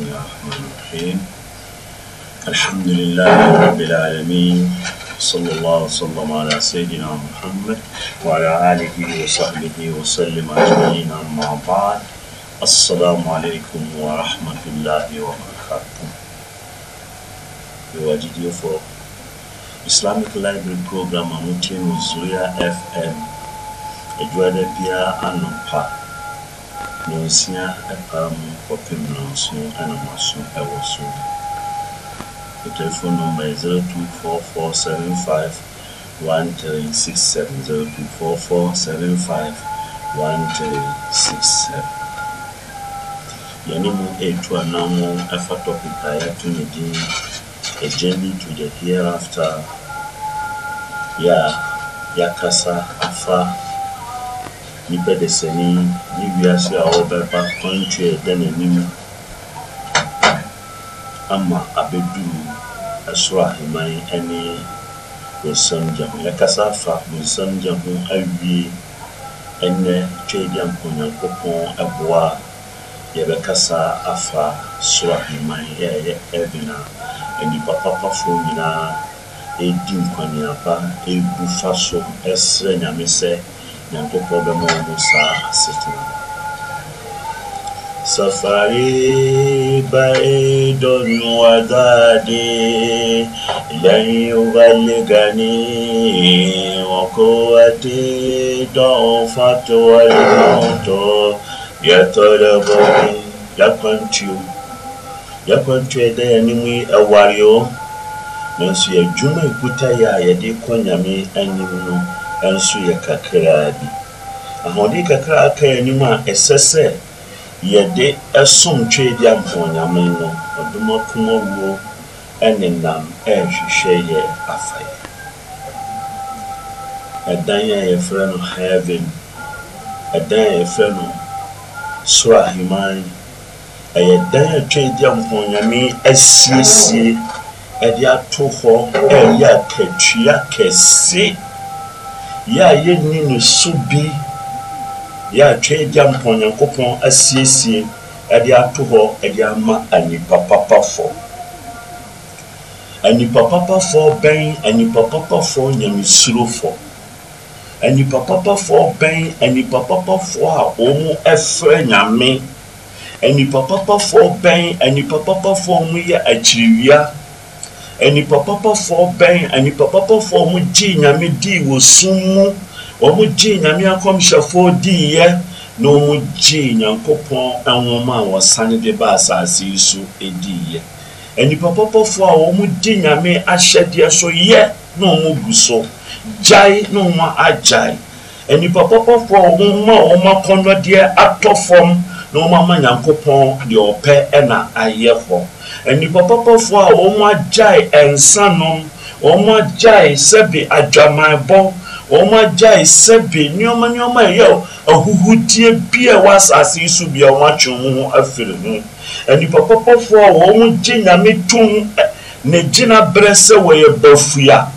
بسم الله الرحمن الرحيم الحمد لله رب العالمين صلى الله وسلم على سيدنا محمد وعلى آله وصحبه وسلم أجمعين أما بعد السلام عليكم ورحمة الله وبركاته يواجد يفرق Islamic Library Program Amutienu Zuya FM Ejwade Pia Anupa Dunsia paa mu kɔpem nnanson anam ason wɔ so. The telephone number is 024475 1367. 024475 1367. Yɛne mu ɛfa anam afa topic a yɛato ne din A Journey to the Hereafter. Yɛ a yɛakasa afa nipa desani ne wiase a ɔbɛba kwantu a ɛda n'anim ama abɛduru ɛsoro aheman ne bonsam gya ho yɛkasa afa bonsam gya ho awie ɛnɛ twɛdi anka onyankopɔn ɛboa a yɛbɛkasa afa soro aheman a ɛyɛ ɛbena nnipa papafoɔ nyinaa ɛdi nkwaneaba ɛbu fa so ɛsrɛ nyame sɛ nyankopɔn bɛma wɔ mu saa asetena سفري بعيد ودادي لن يبلغني وقوتي ضعفت والموت يطلبني يكونتيو yɛkɔntwe dɛ yɛnim yi ɛware o nanso yɛadwuma ekuta yɛ a yɛde kɔ nyame anim no nso yɛ kakraa bi ahoɔden kakra aka anim a ɛsɛ sɛ yɛde ɛsom twɛdi ampɔnyame no ɔdom akoma wuo ɛne nam ɛrehwehwɛ yɛ afayɛ ɛdan a yɛfrɛ no heaven ɛdan a yɛfrɛ no soro aheman ɛyɛ dan a twɛdi ampɔnyame asiesie ɛde ato hɔ ɛyɛ akatua kɛse yɛ a yɛnni no so bi yɛ a twɛ gya mpa onyankopɔn asiesie ɛde ato hɔ ɛde ama anipapapafo anipapapafo bɛn anipapapafo nyamesurofo anipapapafo bɛn anipapapafo a wɔn ɛfrɛ nyame anipapapafo bɛn anipapapafo a wɔn yɛ akyiriwia nnipa pɔpɔfoɔ bɛn nnipa pɔpɔfoɔ mo gye nyame dii wɔ sum mu wɔn gye nyame akɔmhyɛfoɔ diiɛ na wɔn gye nyankopɔn nwoma a wɔsane de ba asase yi so diiɛ nnipa pɔpɔfoɔ a wɔn di nyame ahyɛdeɛ so yɛ na wɔn gu so gyae na wɔn agyae nnipa pɔpɔfoɔ a wɔn ma wɔn akɔnɔdeɛ atɔ fam na wɔn ama nyankopɔn deɛ ɔpɛ ɛna ayɛ hɔ nnipa papafoɔ a wɔn agyae nsanom wɔn agyae sɛbi adwamanbɔ wɔn agyae sɛbi nneɛma nneɛma ɛyɛ ahuhudie bi a ɛwɔ asase yi so bi a wɔn atwe wɔn ho afiri ho nnipa papafoɔ a wɔn gye nyame tum ne gyina berɛ sɛ wɔyɛ bafua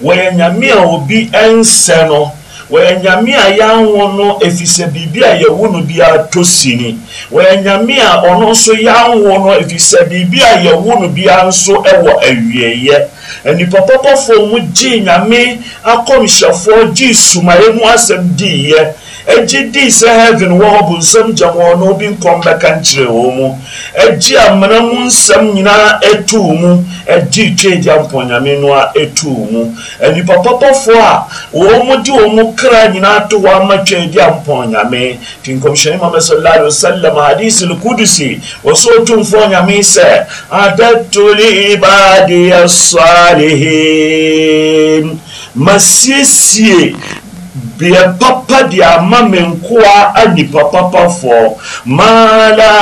wɔyɛ nyame a obi nsɛ no wɔyɛ nyame a yɛanwo no ɛfiri sɛ biribi a yɛwo no biara tɔ sini wɔyɛ nyame a ɔno nso yɛanwo no ɛfiri sɛ biribi a yɛwo no biara nso ɛwɔ awieeɛ nnipa pɔpɔfoɔ mu gyee nyame akɔmhyɛfoɔ gyee sumaeɛ mu asɛm diiɛ agye dii sɛ heaven wɔ hɔ bonsam gya wɔn na obi nkɔm bɛka nkyerɛ wɔn mu agye amena mu nsɛm nyinaa etu mu agye twedi ampɔnyame no a etu mu nipa pɔpɔfoɔ a wɔn mo de wɔn mo kra nyinaa to hɔ ama twedi ampɔnyame ti nkɔmhyɛn mu amesɔ lari osalam hadisi lukudusi wɔsɔ otumfoɔ nyame sɛ adatoli baadi asɔalihin masiesie deɛ ba pa de ama me nkoa anipa papafoɔ maala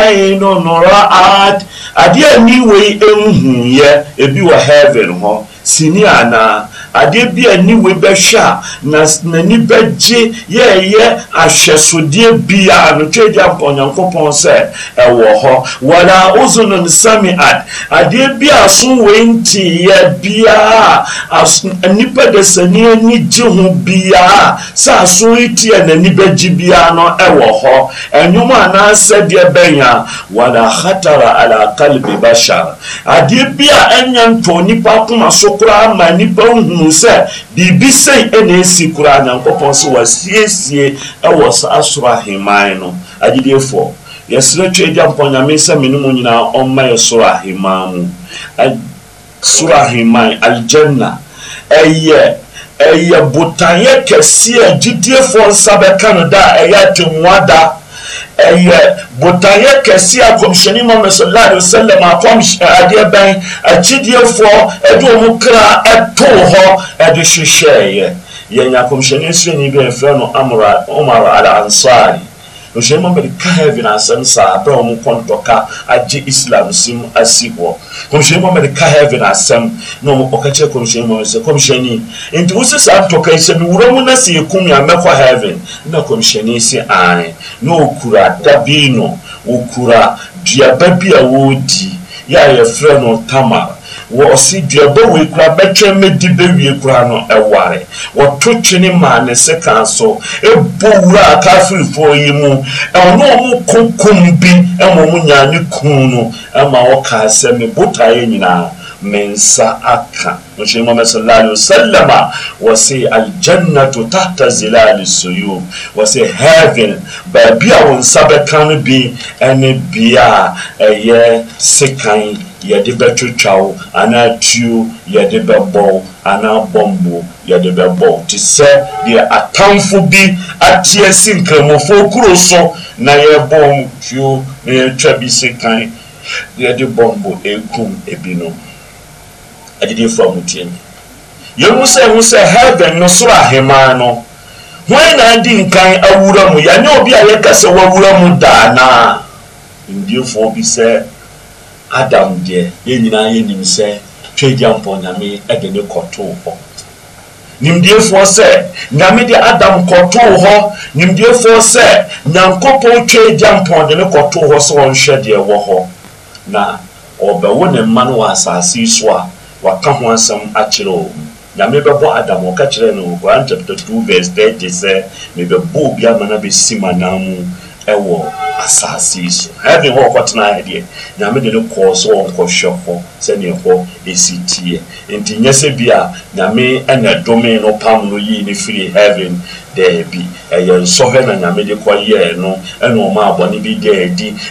aino noraat adeɛ ani wei ɛnhuyɛ ebi wɔ heaven hɔ sini ana adeɛ bi a niwe bɛhwɛ a na n'ani bɛgye yɛɛyɛ ahyɛsodeɛ biara no twɛdwa onyankopɔn sɛ ɛwɔ hɔ wala uzunun samiat adeɛ bi a so wei nteeɛ biara a nnipa de sani ani gye ho biara sɛ aso yi te a n'ani bɛgye biara no ɛwɔ hɔ ɛnwom anaasɛ deɛ bɛn a wala hatara ala kalbi bashar adeɛ bi a ɛnya ntɔ nipa akoma so koraa ma nipa nhunu ɔhunu sɛ biribi sɛn ɛna esi koraa nyankopɔn so wasiesie ɛwɔ saa soro aheman no agyidiefoɔ yɛsrɛ twa agya mpɔ nyame sɛ me no mu nyinaa ɔmma yɛ soro aheman mu soro aheman aljanna ɛyɛ ɛyɛ botaneɛ kɛseɛ gyidiefoɔ nsa bɛka no da a ɛyɛ atemmoa da ɛyɛ botaeɛ kɛseɛ a kɔmhyɛni muhammad sallallahu alaihi wasallam a kɔmhyɛ adeɛ bɛn akyidiefoɔ ɛde wɔn kra ɛtoo hɔ ɛde hyehyɛeɛ yɛn nyakɔmhyɛni nsirani bi a yɛfrɛ no amra umar al ansari nhyiamu mmɛdeka heaven asɛm saa abɛn a wɔn kɔntɔka agye islam sim asi hɔ nhyiamu mmɛdeka heaven asɛm na wɔn ɔka kyerɛ kɔmhyɛni sɛ kɔmhyɛni nti wosi saa ntɔka yi sɛ miwura mu na sɛ ekum ya mɛkɔ heaven na kɔmhyɛni si an na okura dabino okura duaba bi a wɔredi yɛ a yɛfrɛ no tamar wɔsi dua bɛwie kura bɛtwɛn mɛdi bɛwie kura no ɛware wɔto twene maa ne sekan so ebo wura akafirifoɔ yi mu ɛwɔ na wɔn kokom bi ɛma wɔn nyaa ne kun no ɛma wɔka asɛm botaeɛ nyinaa me nsa aka nhyɛn mu amasa laayi osallam a wɔsi aljannatu zilali soyo wɔsi heaven baabi a wɔn nsa bɛka no bi ɛne bea ɛyɛ sekan yɛde bɛtwitwa wo anaa tuo yɛde bɛbɔ wo anaa bɔmbo yɛde bɛbɔ wo te sɛ deɛ atamfo bi ateɛ si nkramofo kuro so na yɛbɔ tuo na yɛtwa bi sekan yɛde bɔmbo ekum ebinom agyedefo a motie mi yɛhu sɛ hu sɛ heaven no soro ahemaa no wɔn na adi nkan awura mu yɛanyɛ obi a yɛka sɛ wawura mu daa naa ndiefoɔ bi sɛ adam deɛ yɛn nyinaa yɛnim sɛ twaagyampɔ nyame de ne kɔtoo hɔ nimdiefoɔ sɛ nyame de adam kɔtoo hɔ nimdiefoɔ sɛ nyankopɔn mpɔ de ne kɔtoo hɔ sɛ ɔnhwɛ deɛ wɔ hɔ na ɔbɛwo ne mma no wɔ asase so a waka ho asɛm akyerɛ o nyame bɛbɔ adam ɔka kyerɛ no koran chapter 2 verse 30 sɛ mebɛbɔ obi ama no bɛsi m'anan mu ɛwɔ asaase yi so ɛbi hɔ ɔkɔtena ayɛ deɛ nyame de no kɔɔ so wɔn kɔhwɛ hɔ sɛdeɛ hɔ esi teɛ nti nyɛ sɛ bi a nyame ɛna dome no pam no yii ne firi heaven daabi ɛyɛ nsɔ na nyame de kɔ yɛɛ no ɛna ɔma abɔne bi da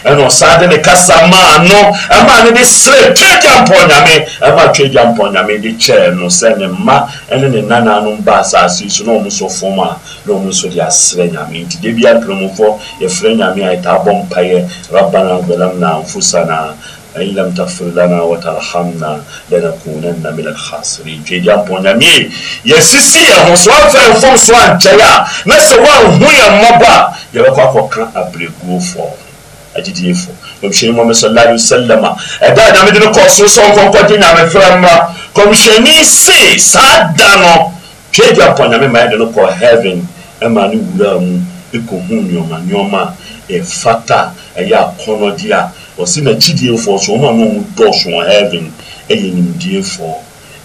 ɛna ɔsaa de ne kasa maa no ɛma ne de sere twagya mpɔ nyame ɛma twagya mpɔ nyame de kyɛɛ no sɛ ne mma ɛne ne nananom ba asase so na ɔmo so fom a na ɔmo so de aserɛ nyame nti de bi akramufoɔ nyame a yɛtaa bɔ mpayɛ rabana gbalam na amfusana فإن لم تغفر لنا وترحمنا لنكونن من الخاسرين جيجا بونامي يسيسي يا هوسوان فان فوم سوان جايا نسوان هو يا مبا يبقى كوكا أبريغو فوم أجدي فوم kɔmhyɛni mu sallallahu alaihi wasallam a ɛda eh a nyamede no kɔɔ so sɛ ɔnkɔnkɔ gye nyamefrɛ mmra kɔmhyɛni se saa da no tweagya pɔ nyame ma ɛde no kɔɔ heaven ma ne wura mu ɛkɔhu nneɔma nneɔma a ɛfata ɛyɛ akɔnnɔgye a wɔsi na kyidiefoɔ so wɔn e e e a wɔn dɔɔso wɔ heaven ɛyɛ nimdiefoɔ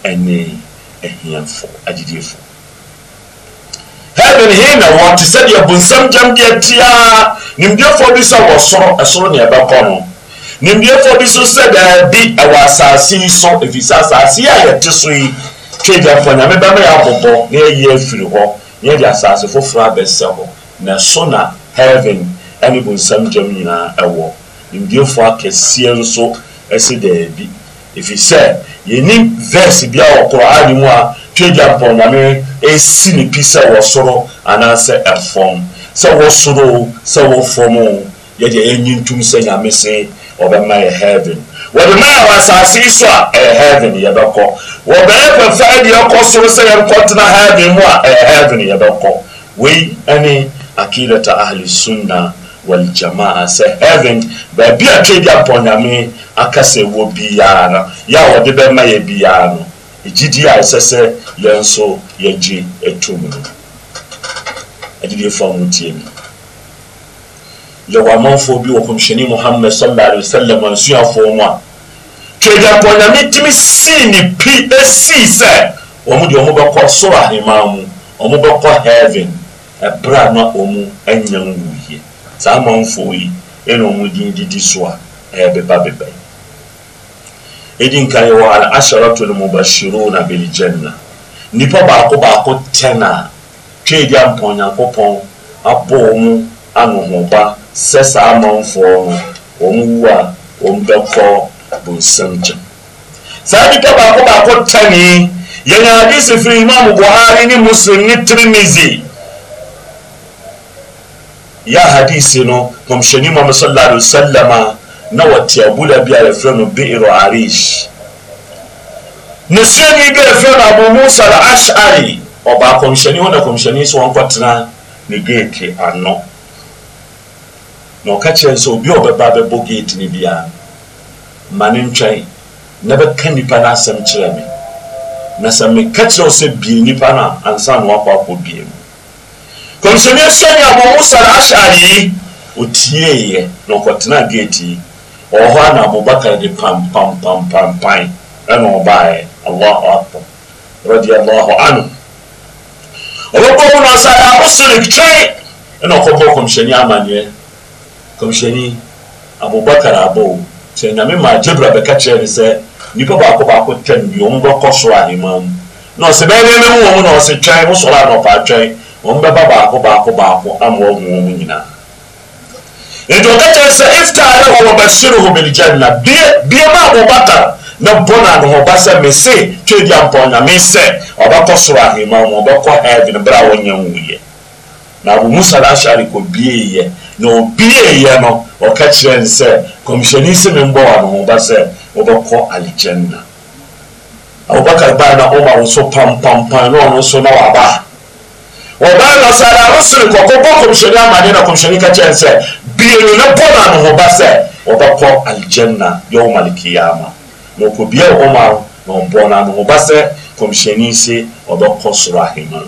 ɛne ɛhiafoɔ agyidiefoɔ heaven hee na wɔn te sɛdeɛ bonsam gyam deɛ tia nimdiefoɔ bi sɛ wɔ soro ɛsoro na ɛbɛkɔ no nimdiefoɔ bi so sɛ daabi ɛwɔ asaase yi so efisɛ asaase yi a yɛte so yi twɛdiafoɔ nyame bɛma yɛ abobɔ na yɛyi afiri hɔ yɛ de asaase foforɔ abɛsɛ hɔ na so na heaven ɛne bonsam gyam nyinaa ɛwɔ nimdiefoɔ akɛseɛ nso ɛsi daabi efi sɛ yɛni verse bi a wɔ koraa mu a twagya mpɔnmame esi ne pi sɛ wɔ soro anaasɛ ɛfɔm sɛ wɔ soro sɛ wɔ fɔm o yɛde ɛnyi ntum sɛ nyame se ɔbɛma yɛ heaven wɔde ma yɛ wɔ asase yi so a ɛyɛ heaven yɛbɛkɔ wɔbɛyɛ pɛfɛ de ɔkɔ soro sɛ yɛnkɔtena heaven mu a ɛyɛ heaven yɛbɛkɔ wei ɛne akidata ahli sunna waljamaa sɛ heaven baabi a twedi apɔ nyame aka wɔ biara no yɛ a wɔde bɛma yɛ biara no ɛgyidi a ɛsɛ sɛ yɛn nso yɛgye atom no agyidiefo a motie mi yɛwɔ amanfoɔ bi wɔ kɔmhyɛni mohammed sallallahu alaihi wasallam asuafoɔ mu a twedi apɔ nyame tumi sii ne pi ɛsii sɛ wɔn deɛ wɔn bɛkɔ soro ahemaa mu wɔn bɛkɔ heaven ɛbrɛ a na wɔn anya nwuiɛ saa amanfoɔ yi ɛna wɔn din didi so a ɛyɛ beba beba yi ɛdi nkan yɛ wɔ al-asharatu al-mubashiruna bil janna nipa baako baako tɛn a twɛ di ampɔnyankopɔn abɔ wɔn anohoba sɛ saa amanfoɔ no wɔn wu a wɔn bɛkɔ bonsam kyɛn saa nipa baako baako tɛn yi yɛn a adi sifiri imaamu buhari ne muslim ne tirimizi. yɛ hadisi no kɔmhyɛni muhammad sallallahu alaihi wasallam na wɔte abula bi a yɛfrɛ no bi'ru arish ne suani bi a yɛfrɛ no abu musa al-ash'ari ɔba kɔmhyɛni hɔ na kɔmhyɛni so wɔnkɔtena ne geeti ano na ɔka kyerɛ sɛ obi a ɔbɛba bɛbɔ geeti no biara ma ne ntwɛn na bɛka nipa no asɛm kyerɛ me na sɛ meka kyerɛ sɛ bie nipa no ansa na wakɔ akɔ bie mu kɔnsɛmiɛsɛne abɔ musa no ahyɛade yi ɔtieeɛ na ɔkɔtena gate yi ɔwɔ hɔ ana abubakar de pampampampampan ɛna ɔbaeɛ allahu akbar radiallahu anhu ɔbɛbɔ mu na ɔsa apostolic twɛn ɛna ɔkɔbɔ kɔmhyɛni amanneɛ kɔmhyɛni abubakar abɔ sɛ nyame ma gyebra bɛka kyerɛ ne sɛ nnipa baako baako twɛn bi ɔmo bɛkɔ soro ahema mu na ɔsɛ bɛyɛ bɛyɛ mu wɔ mu na ɔsɛ twɛn mo anɔpa twɛn wɔn bɛba baako baako baako ama wɔn wɔn nyinaa nti ɔka kyerɛ sɛ iftaare hɔ wɔbɛsere hɔ bilgyanna bie bie ma abubakar na bɔna ne ho ba sɛ mese twedi ampɔ nyame sɛ ɔbɛkɔ soro ahema mu ɔbɛkɔ heaven berɛ a wɔnyɛ wuyɛ na abu musa da ahyɛre kɔ bieyɛ na obieyɛ no ɔka kyerɛ n sɛ kɔmhyɛni se me mbɔ wa ne ho ba sɛ wɔbɛkɔ algyanna abubakar baa na ɔma wo so na ɔno na waba wɔbaa na saa na resere kɔkɔ bɔ kɔmhyɛni amane na kɔmhyɛni ka kyɛn sɛ bienu ne bɔ na ne ho ba sɛ wɔbɛkɔ aljanna yɛwɔ malikiyama na ɔkɔbia ɔma na ɔbɔ na ne ho ba sɛ kɔmhyɛni se ɔbɛkɔ soro ahema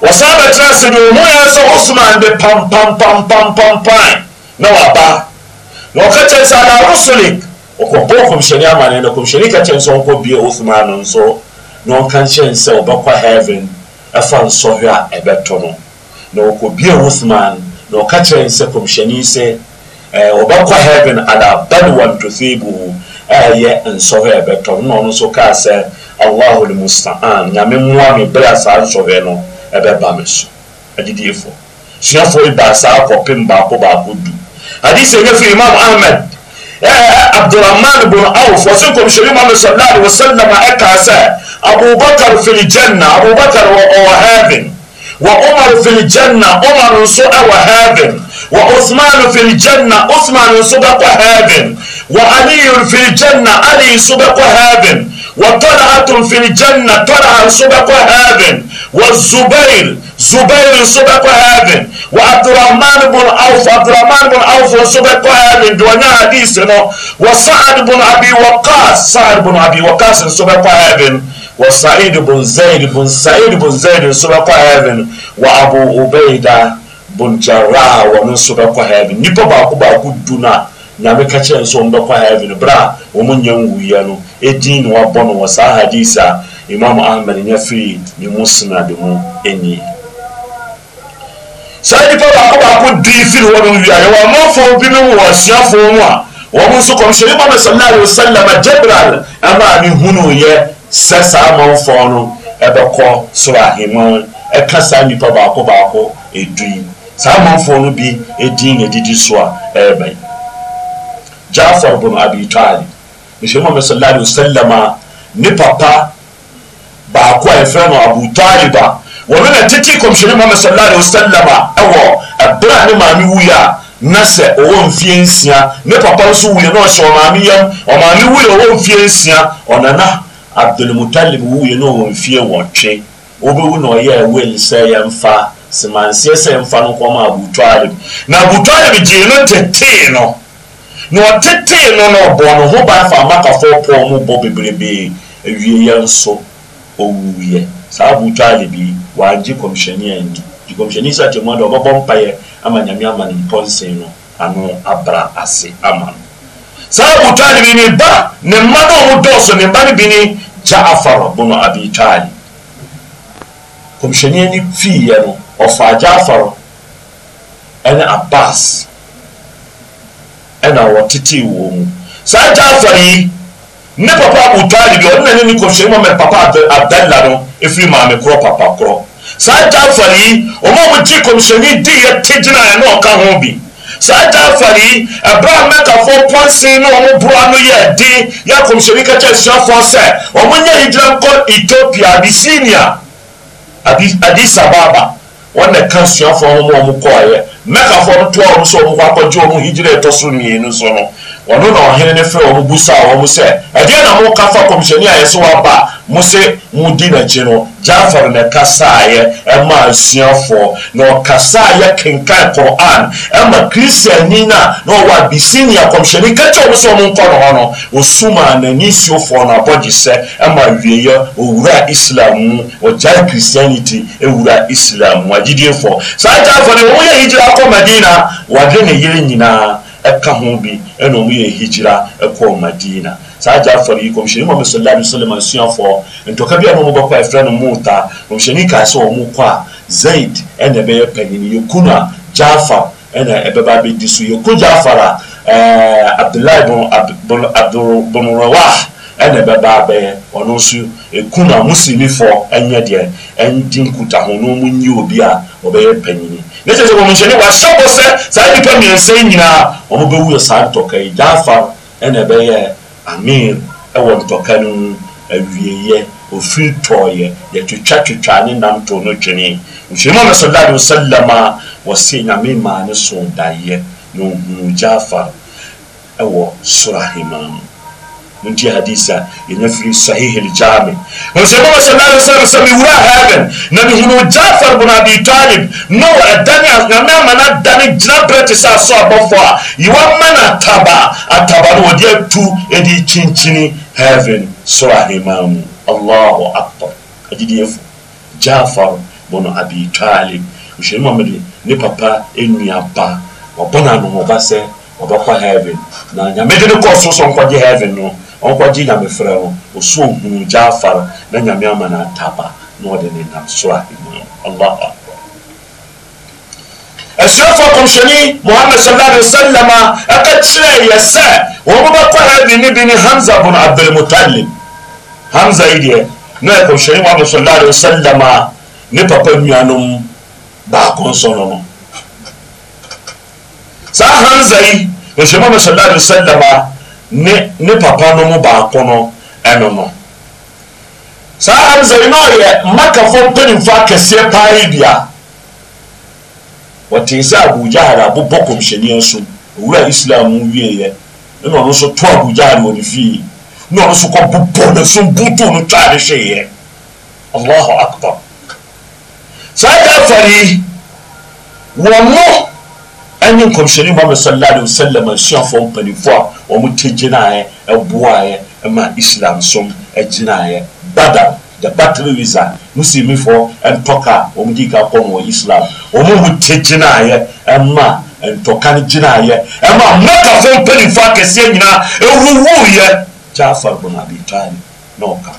wɔsan bɛtena ase ne pam pam pam pam de pampampampampampan na waba na ɔka kyɛn sɛ ana resere ɔkɔbɔ kɔmhyɛni amane na kɔmhyɛni ka kyɛn sɛ ɔkɔbia ɔsoma no nso na ɔka kyɛn sɛ ɔbɛkɔ heaven ɛfa nsɔhwɛ a ɛbɛtɔ no na wɔkɔbie wothman na ɔka kyerɛ n sɛ kɔmhyɛni sɛ wɔbɛkɔ heaven adabane wantothibu ɛyɛ nsɔhwɛ a ɛbɛtɔ no na ɔno nso kaa sɛ allahu lmustaan nyame mmoa me berɛ a saa nsɔhwɛ no ɛbɛba me so agyidiefoɔ suafoɔ yi baa saa kɔpem baako baako du hadise ɛnyɛ fi imam ahmed عبد الرحمن بن عوف وسنكم شريم محمد صلى الله عليه وسلم أكاسا أبو بكر في الجنة أبو بكر وهابن وعمر في الجنة عمر سوء وهابن وعثمان في الجنة عثمان سوء وهابن وعلي في الجنة علي سبق هابن وطلعة في الجنة طلعة سبق هابن والزبير زبير سبق هابن وعبد الرحمن بن عوف عبد الرحمن بن عوف سبق هابن دوانا حديثنا وسعد بن أبي وقاص سعد بن أبي وقاص سبق هابن وسعيد بن زيد بن سعيد بن زيد سبق هابن وأبو عبيدة بن جراح ومن سبق هابن نيبا باكو باكو دونا nyame ka kyerɛ nso ɔmbɛkɔ heaven berɛ a ɔmo nyɛ nwuiɛ no ɛdin na wabɔ no wɔ saa hadis a imam ahmed nya firi ne mu senade mu ani saa nipa baako baako dii firi hɔ no wiaeɛ wɔ amanfoɔ bi no wɔ asuafoɔ mu a wɔn nso kɔmhyɛni muhammad sallallahu alaihi wa sallam jabral ɛma ne hunu yɛ sɛ saa amanfoɔ no ɛbɛkɔ soro ahemman ɛka saa nipa baako baako edu yi saa amanfoɔ no bi edin na edidi so a ɛɛbɛn jafar bin abi talib mishirin muhammad sallallahu alaihi wasallama ni papa ba ko ay frɛn abu taliba wa min titi komisɛni muhammad sallallahu alaihi wasallama ɛwɔ ɛbɛrɛ ne maame wuya na sɛ ɔwɔ mfie nsia ne papa nso wuya na ɔhyɛ ɔmaame yam ɔmaame wuya ɔwɔ mfie nsia ɔnana abdulmutalib wuya na ɔwɔ mfie wɔtwe wu na ɔyɛ ɛwɛl sɛ yɛmfa semanseɛ sɛ yɛmfa no kɔma abu talib na abu talib gyee no tetee no na ɔtetee no na ɔbɔ no ho ban fa amakafoɔ pɔn mu bɔ bebrebee awie yɛ nso ɔwuiɛ saa abotwa ale bi wagye kɔmhyɛni a ndi gye kɔmhyɛni sɛ atemu ada ɔbɛbɔ mpaeɛ ama nyame ama ne mpɔnsen no ano abra ase ama no saa abotwa ale bi ne ba ne mma no ɔmo dɔɔso ne ba no bi ne jaafar bono abitwa ale kɔmhyɛni ani fiiɛ no ɔfaa jaafar ɛne abbas ɛna wɔtetee wɔ mu saa jaafar yi ne papa abutali deɛ ɔno nane ne kɔhyɛ mu mɛ papa abdalla no ɛfiri maame korɔ papa korɔ saa jaafar yi ɔma mo gye kɔmhyɛni di yɛ te gyina ɛ na ɔka ho bi saa jaafar yi ɛberɛ a mɛkafoɔ pɔnsen ne ɔmo boa no yɛ den yɛ kɔmhyɛni kɛkyɛ asuafoɔ sɛ ɔmo nyɛ hijira nkɔ ethiopia abisinia adisababa wɔn na ɛka asuafoɔ ho ma ɔmo kɔɔeɛ mɛkafoɔ no toa ɔno sɛ ɔmo kɔ akɔgye ɔmo hijira ɛtɔ so mmienu ɔno na ɔhene ne frɛ ɔmo busa ɔmo sɛ ɛdeɛ na mo kafa kɔmhyɛni a yɛsɛ ba mo se mo di n'akyi no jafar na kasaayɛ ɛma asuafoɔ na ɔkasaayɛ kenkan koran ɛma kristiani na na ɔwɔ abisinia kɔmhyɛni kɛkyɛ ɔmo sɛ ɔmo nkɔ ne hɔ no osuma n'ani nsuofoɔ na abɔgye sɛ ɛma wieyɛ owura islam mu ɔgyae christianity ewura islam mu agyidiefoɔ saa jafar na wɔn yɛ hijira akɔ na wɔde ne yere nyinaa ɛka ho bi ɛna ɔmo yɛ hijira ɛkɔ madina saa jaafar yi kɔmhyɛni mu amusalaam musalima asuafoɔ ntɔka bi a na ɔmo bɛkɔ ɛfrɛ no muuta kɔmhyɛni kaa sɛ ɔmo kɔ a zaid ɛna ɛbɛyɛ panyin yɛku no a jaafar ɛna ɛbɛba abɛdi so yɛku jaafar a ɛɛ abdullahi bin abdul bin rawah ɛna ɛbɛba abɛyɛ ɔno nso ɛku no a muslimifoɔ ɛnyɛ deɛ ɛndi nkutaho na ɔmo nyi obi a ɔbɛyɛ panyin ne kyerɛ sɛ kɔmhyɛne wahyɛ bɔ sɛ saa nnipa mmiɛnsa yi nyinaa ɔmobɛwuɛ saa ntɔka yi jaafar ɛna ɛbɛyɛ amir ɛwɔ ntɔka no mu awieyɛ ofiri tɔɔyɛ yɛtwitwa twitwa ne nam to no twene mhyɛne mu sallallahu alaihi wasallam a wɔse nyame maa ne so daeɛ na ohunu jaafar ɛwɔ soro ahema nuntie hadisa yɛnya firi sahih ljami hu sɛ mama sala alai wasalam sɛ mewura heaven na mehunu jafar bun abi talib na wadane nyame ama no adane gyina berɛ te sɛ asɔ abɔfo a yɛwama no ataba ataba no wɔde atu ɛde kyinkyini heaven soro ahema mu allahu akbar agyidiefo jafar bun abi talib hwɛni mamede ne papa nnuaba wɔbɔ no anohoba sɛ wɔbɛkɔ heaven na nyame de ne kɔɔ so sɛ nkɔgye heaven no ɔnkɔgye nyamefrɛ no ɔsɔ ogunu jaafar na nyame ama no ataba na ɔde ne nam so a ɛmu allah akbar asuafo kɔmhyɛni mohamad sallallahu alaihi wasallam a ɛka kyerɛ yɛ sɛ wɔn bɛkɔ hadi ne bi ne hamza bun abdulmutalib hamza yi deɛ na kɔmhyɛni mohamad sallallahu alaihi wasallam a ne papa nuanom baako nso no no saa hamza yi kɔmhyɛni e mohamad sallallahu alaihi wasallam a ne ne papa no mu baako no ɛno no saa ansa yi na ɔyɛ mmakafo mpanimfo akɛseɛ paa yi bia wɔte sɛ abujahara abobɔ kɔmhyɛni aso owura islam mu wieɛ ɛna ɔno nso to abujahara wɔ ne fie na ɔno nso kɔ bobɔ ne so butu no twa ne hwɛeɛ Allah akbar saa kafari wɔn mo ɛne nkɔmhyɛni muhammad sallallahu alaihi wasallam asuafoɔ mpanimfoɔ a wɔn te gyinaeɛ ɛboaeɛ ɛma islam som ɛgyinaeɛ badal the battle visa muslimifoɔ ɛntɔka wɔn di ka kɔn wɔ islam wɔn mu te gyinaeɛ ɛma ntɔka no gyinaeɛ ɛma mɛkafoɔ mpanimfoɔ akɛseɛ nyinaa ɛwuwuiɛ jaafar bin abi talib na ɔka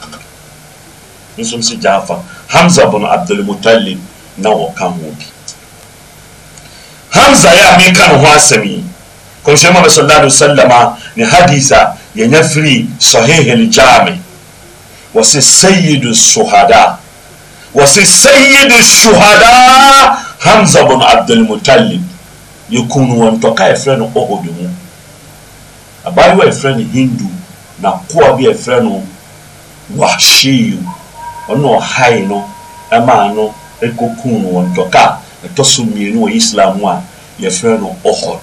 nso nso jaafar hamza bin abdulmutalib na ɔka ho bi hamza ya mi kan ho asɛm kɔmhyɛ mu sallallahu alaihi wasallam ne hadisa yɛnya firi sahih al-jami wɔse sayyidu suhada wɔse sayyidu shuhada hamza bin abdul muttalib yɛkunu wɔn tɔka yɛfrɛ no ɔhɔd mu abaayewa yɛfrɛ no hindu na koa bi yɛfrɛ no wahshiyu ɔno ɔhae no ɛmaa no ɛkɔkunu wɔn tɔka ɛtɔ so mmienu wɔ islam a yɛfrɛ no ɔhɔd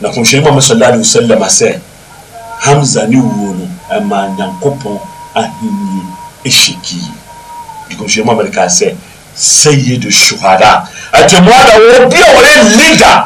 na kɔmhyɛni muhammad sallallahu alaihi wasallam sɛ hamza ne wuo no ɛma nyankopɔn ahenni ɛhyɛ kii kɔmhyɛni muhammad kaa sɛ sayyidu shuhada atɛmmoa da wɔ bi a wɔyɛ leader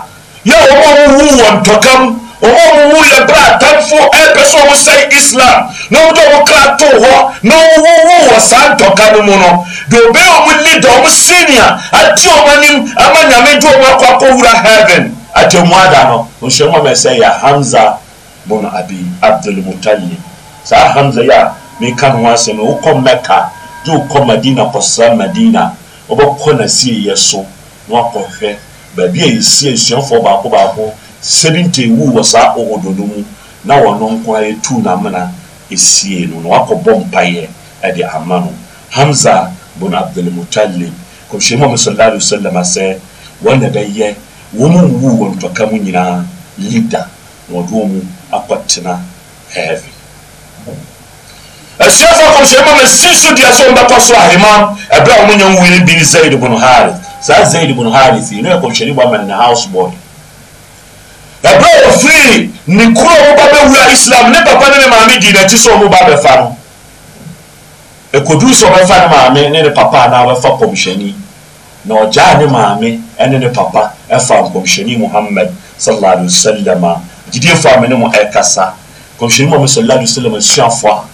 yɛ wɔn a wɔwu wɔ ntɔkam wɔwɔwo yɛ berɛ a tamfo ɛpɛ sɛ ɔmo sɛe islam na ɔmo dɛ ɔmo kra to hɔ na ɔwowowo wɔ saa ntɔka no mu no de obe ɔmo leader ɔmo senior ate ɔmo anim ama nyame de ɔmo akɔ akɔwura heaven atɛmu ada no nhyɛmɔ mɛ sɛ yɛ hamza bun abi abdulmutalib saa hamza yi a meka ho asɛm wokɔ mɛka de wokɔ madina kɔsra madina wɔbɛkɔ n'asieyɛ so na wakɔhwɛ baabi a yɛsie asuafoɔ baako baako sɛde wu wɔ saa no mu na wɔno nko ara tu namena esie no na wakɔbɔ mpaeɛ ɛde ama no hamza bun abdulmutalib kɔmhyɛ mu sallallahu alaihi wasallam sɛ wɔn na bɛyɛ wɔn wu wɔn ntɔka mu nyinaa lida na wɔde wɔn akɔtena heaven asuafo akɔmhyɛ mu na si so deɛ so wɔn bɛkɔ so ahema ɛbɛrɛ a wɔn nyɛ nwuo bi ne zayd bun harith saa zayd bun harith yi n'o yɛ kɔmhyɛ ne na ama house boy ɛbɛ ofiri ne kuro a ɔmoba bɛwura islam ne papa ne ne maame gyi n'akyi sɛ ɔmoba bɛfa no ɛkɔduru sɛ ɔbɛfa ne maame ne ne papa anaa ɔbɛfa pɔmhyɛni na ɔgyaa ne maame ɛne ne papa ɛfa nkɔmhyɛni muhammad sallallahu alaihi wasallam a gyidiefoɔ a me ne mo ɛrekasa kɔmhyɛni muhammad sallallahu alaihi wasallam asuafoɔ a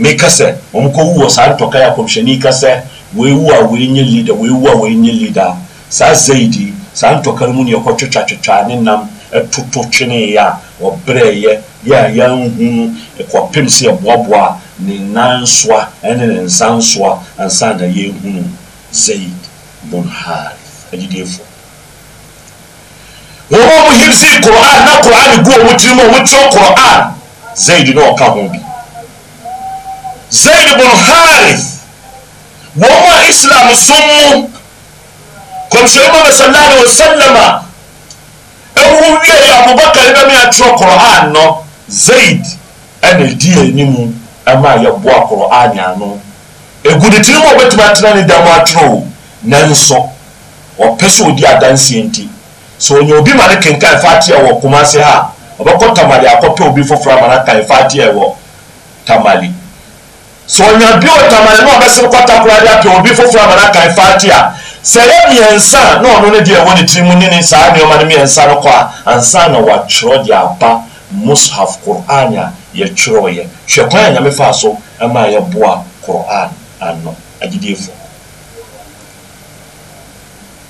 meka sɛ wɔn kɔ wu wɔ saa ntɔka yi a kɔmhyɛni ka sɛ wɔewu a wɔenye leader wɔewu a wɔenye leader saa zaidi saa ntɔka no mu ne ɛkɔtwitwatwitwa ne nam ɛtoto twenee a wɔbrɛɛyɛ yɛ a yɛnhunu kɔpem sɛ yɛboaboa ne nan nsoa ɛne ne nsa nsoa ansa na yɛnhunu zaid bun harith agyidiefo wɔn a wɔhim si koran na koran gu wɔn tirim a wɔtwerɛ koran zaid na ɔka ho bi zaid bun harith wɔn a islam som mu kɔmhyɛn mu sallallahu alaihi wa sallama ewu ewuwie abubakar bɛmi atwerɛ korɔhan no zaid ɛna ɛdi anim ɛma yɛboa korɔhan ano ɛgu ne tirim a wɔbɛtumi atena ne da mu atwerɛ o nanso wɔpɛ sɛ odi adanseɛ nti sɛ onye obi ma ne kenkan faateɛ wɔ koma se ha ɔbɛkɔ tamale akɔpɛ obi foforɔ ama no kan faateɛ wɔ tamale sɛ ɔnya bi wɔ tamale na ɔbɛsere kɔta koraa de apɛ obi foforɔ ama no kan faateɛ a sɛ yɛ mmiɛnsa na ɔno ne deɛ ɛwɔ ne tiri mu ne ne saa nneɛma no mmiɛnsa no kɔ a ansa na wɔatwerɛ de aba mushaf quran a yɛtwerɛeɛ hwɛ kwan a nyame faa so ma yɛboa quran ano agyediefo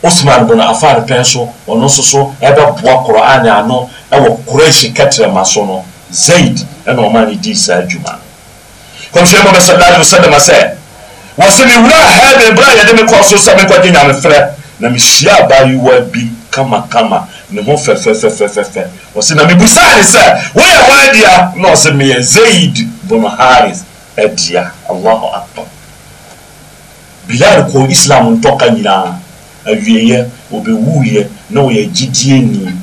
osman bin afan pɛn so ɔno nso so ɛbɛboa quran ano ɛwɔ kureshi kɛtrɛma so no zaid ɛna ɔma ne dii saa adwuma kɔmhyɛ mɔbɛ sallallahu alaihi wasallam sɛ wɔsi mi wura ha mi bra yɛ de mi kɔ so sɛ mi kɔ di nyame frɛ na mi si abaayewa bi kamakama ne ho fɛfɛfɛfɛfɛ wɔsi na mi busa ne sɛ woyɛ wɔn adia na wɔsi mi yɛ zayid bono haris adia allahu akbar bilal kɔ islam ntɔka nyinaa awieyɛ obewuyɛ na wɔyɛ gyidie ni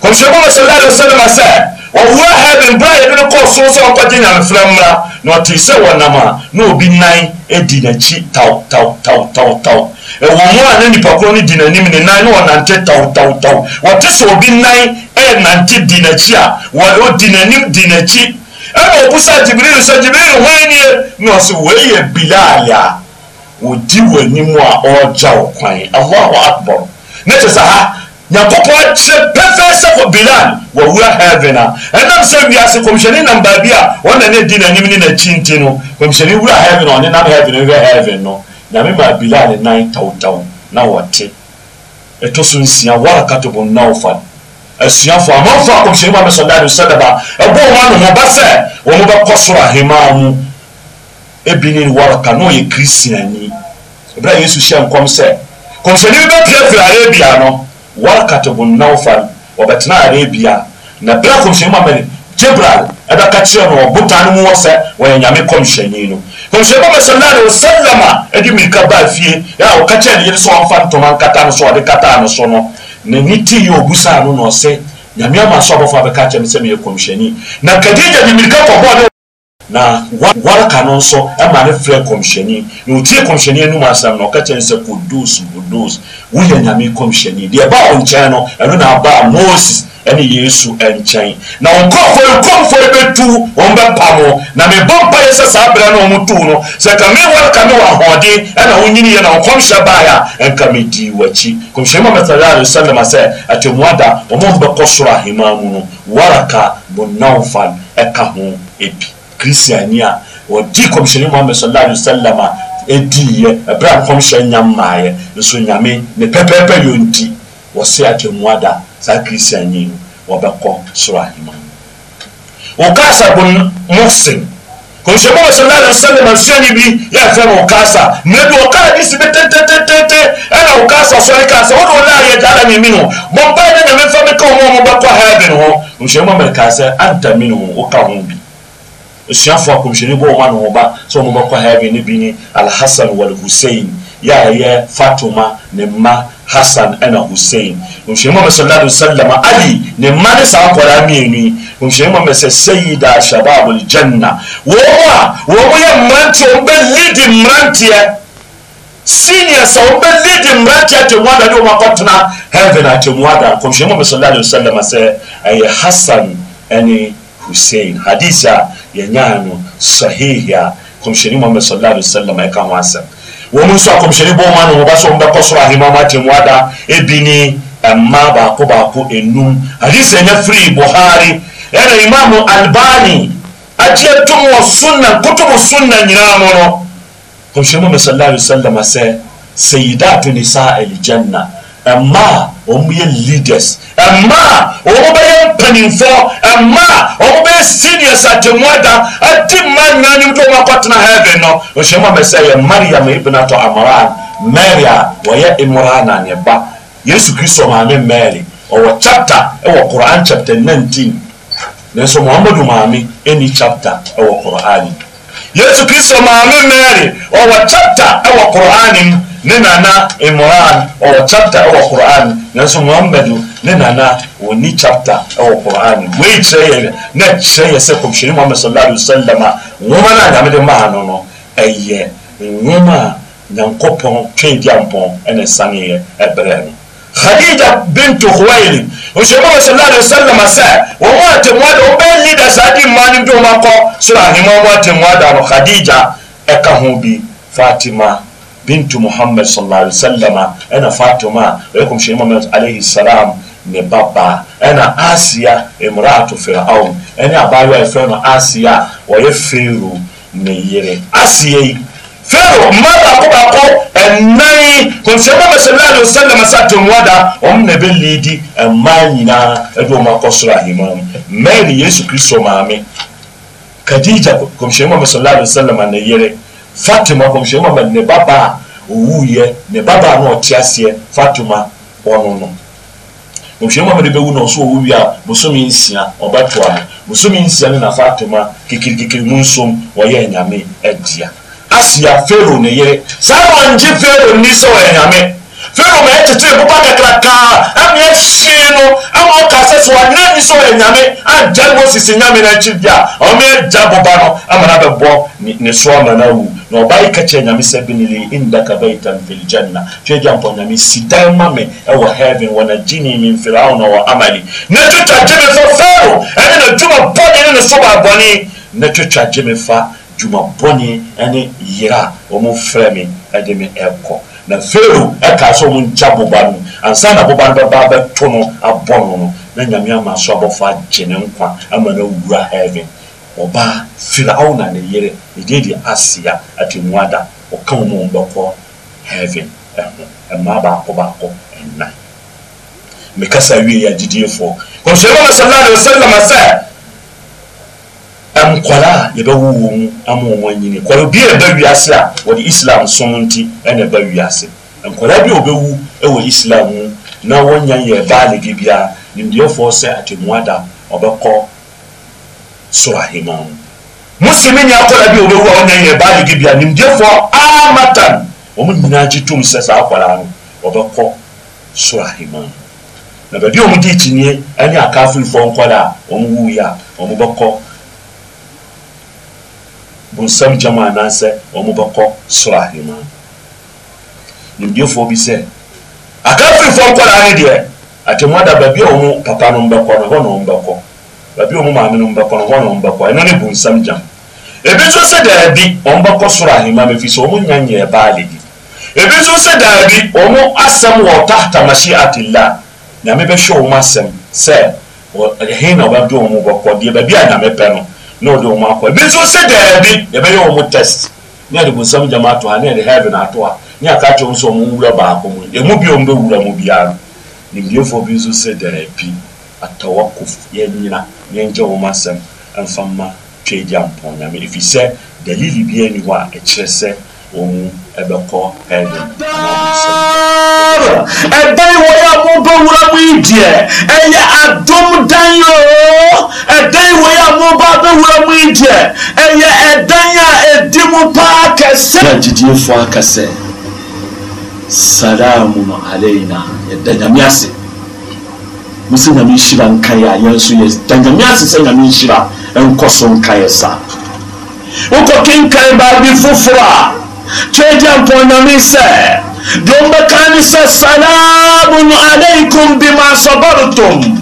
kɔmhyɛn bɔ wɔ sɛ lɛɛ lɛ sɛ ne ma sɛ ɔwura heaven bra yɛde no kɔɔ soro sɛ ɔkɔgye nyamefrɛ mmra na ɔtee sɛ wɔnam a na obi nan di n'akyi tawtawtawtawtaw ɛwɔ mu a na nnipakorɔ no di n'anim ne nan na wɔnante tawtawtaw wɔte sɛ obi nan ɛnante di n'akyi a ɔdi n'anim di n'akyi ɛna ɔbusa jibril sɛ jibril hwan nie na ɔsɛ wɔyɛ bilal a wɔdi w'anim a ɔregya wo kwan ɛhɔ a wɔabɔ ne kyɛ sɛ ha nyankopɔn hyɛ pɛfɛɛ sɛ kɔ bilal wawura heaven a ɛnam sɛ wiase kɔmhyɛne nam baabi a ɔna ne di n'anim ne n'akyi nti no kɔmhyɛne wura heaven a ɔne nam heaven wɛ heaven no nyame maa bilal nan tawtaw na wɔte ɛtɔ so nsia warakatobɔ nawfal asuafoɔ amanfoɔ akɔmhyɛne mu amɛsɔda ne sɛdaba ɛbɔɔ mu ano ho ba sɛ wɔn mo bɛkɔ soro ahemaa mu ebi ne waraka na ɔyɛ kristiani ebira yesu hyɛ nkɔm sɛ kɔmhyɛne bi bɛpia firi arabia no warakata bu naufal wɔbɛtena arabia na bɛrɛ kɔmhyɛni mu amɛne ada ɛbɛka kyerɛ no ɔbotan no mu wɔ sɛ wɔyɛ nyame kɔmhyɛni no kɔmhyɛni mu sallallahu alaihi wasallam a ɛde mirika baa fie a ɔka kyerɛ ne yere sɛ ɔmfa ntoma nkata no so ɔde kataa no so no n'ani ti yɛ obusaa no na ɔsɛ nyame ama sɛ ɔbɔfo abɛka kyerɛ me sɛ meyɛ kɔmhyɛni na kadija de mirika kɔbɔɔ ne na waraka no nso ma ne frɛ kɔmhyɛni na otie kɔmhyɛni anom asɛm na ɔka kyɛn sɛ kodos kodos woyɛ nyame kɔmhyɛni deɛ ɛbaa wo nkyɛn no ɛno na aba moses ɛne yesu nkyɛn na ɔnkɔfoɔ nkɔmfoɔ bɛtu wɔn bɛpa mo na mebɔ mpa yɛ sɛ saa berɛ no ɔmo tu no sɛ ka me wɔreka me wɔ ahoɔden ɛna wonyiniɛ na ɔkɔmhyɛ baeɛ a ɛnka medi w'akyi kɔmhyɛni muhammad sallallahu alaihi wasallam sɛ atemmuada ɔmo mbɛkɔ soro ahema mu no waraka munawfan ɛka ho ebi kristiani a wɔdi kɔmhyɛni muhammed sallallahu alaihi wa sallam a ɛdiiɛ ɛbɛrɛ a kɔmhyɛn nyam maayɛ nso nyame ne pɛpɛɛpɛ yɛ nti wɔsi atemua da saa kristiani wɔbɛkɔ soro ahima wɔkaasa bun musin kòmsɛmɔ sɔlɔ alẹ sɛlɛ ma sɛni bi yɛ fɛn o kaasa mɛ bi o kaa di sibi tɛtɛtɛtɛtɛ ɛna o kaasa sɔli kaasa o de o laa yɛ jaala mi minnu bɔn bɛɛ de na mi fɛn mi kaw mɔ mo bɛ kɔ hɛrɛ bi ni hɔ kòmsɛmɔ mɛ kaasa o ka hun bi asuafoɔ akɔmhyɛni bɔ ɔma ne ho ba sɛ ɔmo bɛkɔ heaven no bi ne alhassan wal hussein yɛ a ɛyɛ fatoma ne mma hassan ɛna hussein ɔmhyɛni mɔmɛ sɛ ladu sallama ali ne mma ne saa nkɔdaa mmienu yi ɔmhyɛni mɔmɛ sɛ sayida shabab aljanna wɔn a wɔn yɛ mmeranteɛ wɔn bɛ leadi mmeranteɛ senior sɛ wɔn bɛ leadi mmeranteɛ te mu ada ne wɔn akɔtena heaven atemu ada kɔmhyɛni mɔmɛ sɛ ladu sallama sɛ ɛyɛ hassan ɛne hussein hadisa yɛnyaa no sahihi a kɔmhyɛni muhammad sallallahu alaihi wasallam ɛka ho asɛm wɔn nso a kɔmhyɛni bɔ ɔma no wɔba sɛ wɔbɛkɔ soro ahema ma atemu ada ebi ne mmaa baako baako enum hadisi ɛnyɛ firi buhari ɛna imaamu albani agye tum wɔ sunna kutubu sunna nyinaa mu no kɔmhyɛni muhammad sallallahu alaihi wasallam sɛ sayidaatu nisa alijanna mmaa wɔn yɛ leaders mmaa wɔn bɛyɛ mpanimfoɔ mmaa wɔn bɛyɛ seniors atemuada ati mmaa nyinaa nim to wɔn akɔtena heaven no ohyɛn mu amesa yɛ mariam ibinato amaran mary a wɔyɛ imrana ne ba yesu kristo maame mary ɔwɔ chapter ɛwɔ koran chapter nineteen nanso muhammadu maame ɛni chapter ɛwɔ koran yesu kristo maame mary ɔwɔ chapter ɛwɔ koran mu ne nana imran ɔwɔ chapter ɛwɔ quran nanso muhammadu ne nana ɔni chapter ɛwɔ quran wei kyerɛ yɛ na kyerɛ yɛ sɛ kɔmhyɛni muhammad sallallahu alaihi wa sallam a nwoma no a nyame de maa no no ɛyɛ nwoma a nyankopɔn twɛn di ampɔn ɛna san yɛ ɛbrɛ no khadija bintu khuwaili ɔhyɛni muhammad sallallahu alaihi wa sallam sɛ wɔn mu atemmua da ɔbɛn leader saa di mmaa no bi wɔn akɔ soro ahemma wɔn atemmua da no khadija ɛka ho bi fatima bintu muhammad sallallahu alaihi wasallam ɛna fatima ɔyɛ kɔmhyɛni muhammad alaihi salam ne baba ɛna asiya imratu fir'aun ɛne abaayewa a yɛfrɛ no asiya ɔyɛ fero ne yere asiya yi fero mmaa baako baako ɛnan kɔmhyɛni muhammad sallallahu alaihi wasallam sa atemmuada ɔm na ɛbɛ leedi mmaa nyinaa ɛde ɔm akɔ soro ahemma yesu kristo maame kadija kɔmhyɛni muhammad sallallahu alaihi wasallam ne yere fatima kɔmhyɛn mama ne baba a owuiɛ ne baba no ɔte aseɛ fatuma ɔno no kɔmhyɛn mama de bɛwu na ɔso owuiɛ a bosomi nsia ɔbɛtoa no bosomi nsia ne na fatuma kekirikekiri mu nsom wɔyɛ nyame ɛdia asia fero ne yere saa wɔngye fero ni sɛ ɔyɛ nyame fero ma ɛtete popa kakrakaa ɛna ɛhyee no ama ɔka sɛ so bi sɛ ɔyɛ nyame agya no sisi nyame no akyi bi a ɔma agya boba no ama no abɛbɔ ne so ama no awu na ɔba yi ka kyerɛ nyame sɛ bi ne le indaka baitan filjanna twɛ gya mpɔ nyame si dan ma me ɛwɔ heaven wɔ na gyini min firauna wɔ amali na twitwa gye me fa faro ɛne na dwuma bɔne ne ne so baabɔne na twitwa gye me fa dwuma bɔne ɛne yera wɔn frɛ me ɛde me ɛkɔ na fero ɛka so wɔn gya boba no ansa na boba no bɛba abɛto no abɔ no no na nyame ama so abɔfo ne nkwa ama no awura heaven ɔbaa firao na ne yere ne de asia atemu ada ɔka wo heaven ɛho ɛmaa baako baako mekasa wie yɛ sɛ ama wɔn anyini bi a ɛba wiase a wɔde islam som nti ɛna ɛba wiase nkwadaa bi a ɔbɛwu ɛwɔ islam mu na wɔnya yɛ baale bi biara nimdeɛfoɔ sɛ atemmu da ɔbɛkɔ soro ahema mu muslimi nyɛ akɔla bi obɛwu a ɔnya yɛ baage bia nimdeɛfoɔ amatan wɔn nyinaa gye tom sɛ saa akɔla no ɔbɛkɔ soro ahema mu na baabi a wɔn di kyiniiɛ ne akafirifoɔ nkɔla a wɔn wuiɛ a wɔn bɛkɔ bonsam gyam anaasɛ wɔn bɛkɔ soro ahema mu nimdeɛfoɔ bi sɛ akafirifoɔ nkɔla no deɛ atemu ada baabi a wɔn papa no mbɛkɔ no hɔ na wɔn bɛkɔ baabi a wɔn maame no mbɛkɔ no hɔ na wɔn bɛkɔ ɛno ne bunsam gyam ebi nso sɛ daabi wɔn bɛkɔ soro ahema mefi so wɔn nya nyɛ baali bi ebi nso sɛ daabi wɔn asɛm wɔ tahta mahyia atila nyame bɛhwɛ wɔn asɛm sɛ ɛhɛn na ɔbɛde wɔn bɛkɔ deɛ baabi a nyame pɛ no na ɔde wɔn akɔ ebi nso sɛ daabi yɛbɛyɛ wɔn test ne yɛde bunsam gyam ato ha ne yɛde heaven ato ha ne yɛaka kyerɛ wɔn sɛ wɔn wura baako mu emu bi wɔn bɛwura mu biara nimdiefoɔ bi nso sɛ darabi atawakuf yɛnyina yɛngye wɔn asɛm mfa mma twɛdi ampɔnyame ɛfiri sɛ dalili bi ani hɔ a ɛkyerɛ sɛ wɔn ɛbɛkɔ heaven ɛdan wɔ yɛ a mobɛwura mu yi deɛ ɛyɛ adom dan o ɛdan wɔ yɛ a moba bɛwura mu yi deɛ ɛyɛ ɛdan a ɛdi mu paa kɛsɛ. na gyidiefoɔ akasɛ salamun layna yɛdanyamiase mo sɛ nyamensyira nkayɛa yɛnso yɛ tanyamiase sɛnyamensyira ɛnkɔ so nkaɛ sa wokɔke nkae baabi fofora cyɛɛgyanpɔname sɛ jom bɛkani sɛ salamun laikum bima sabartum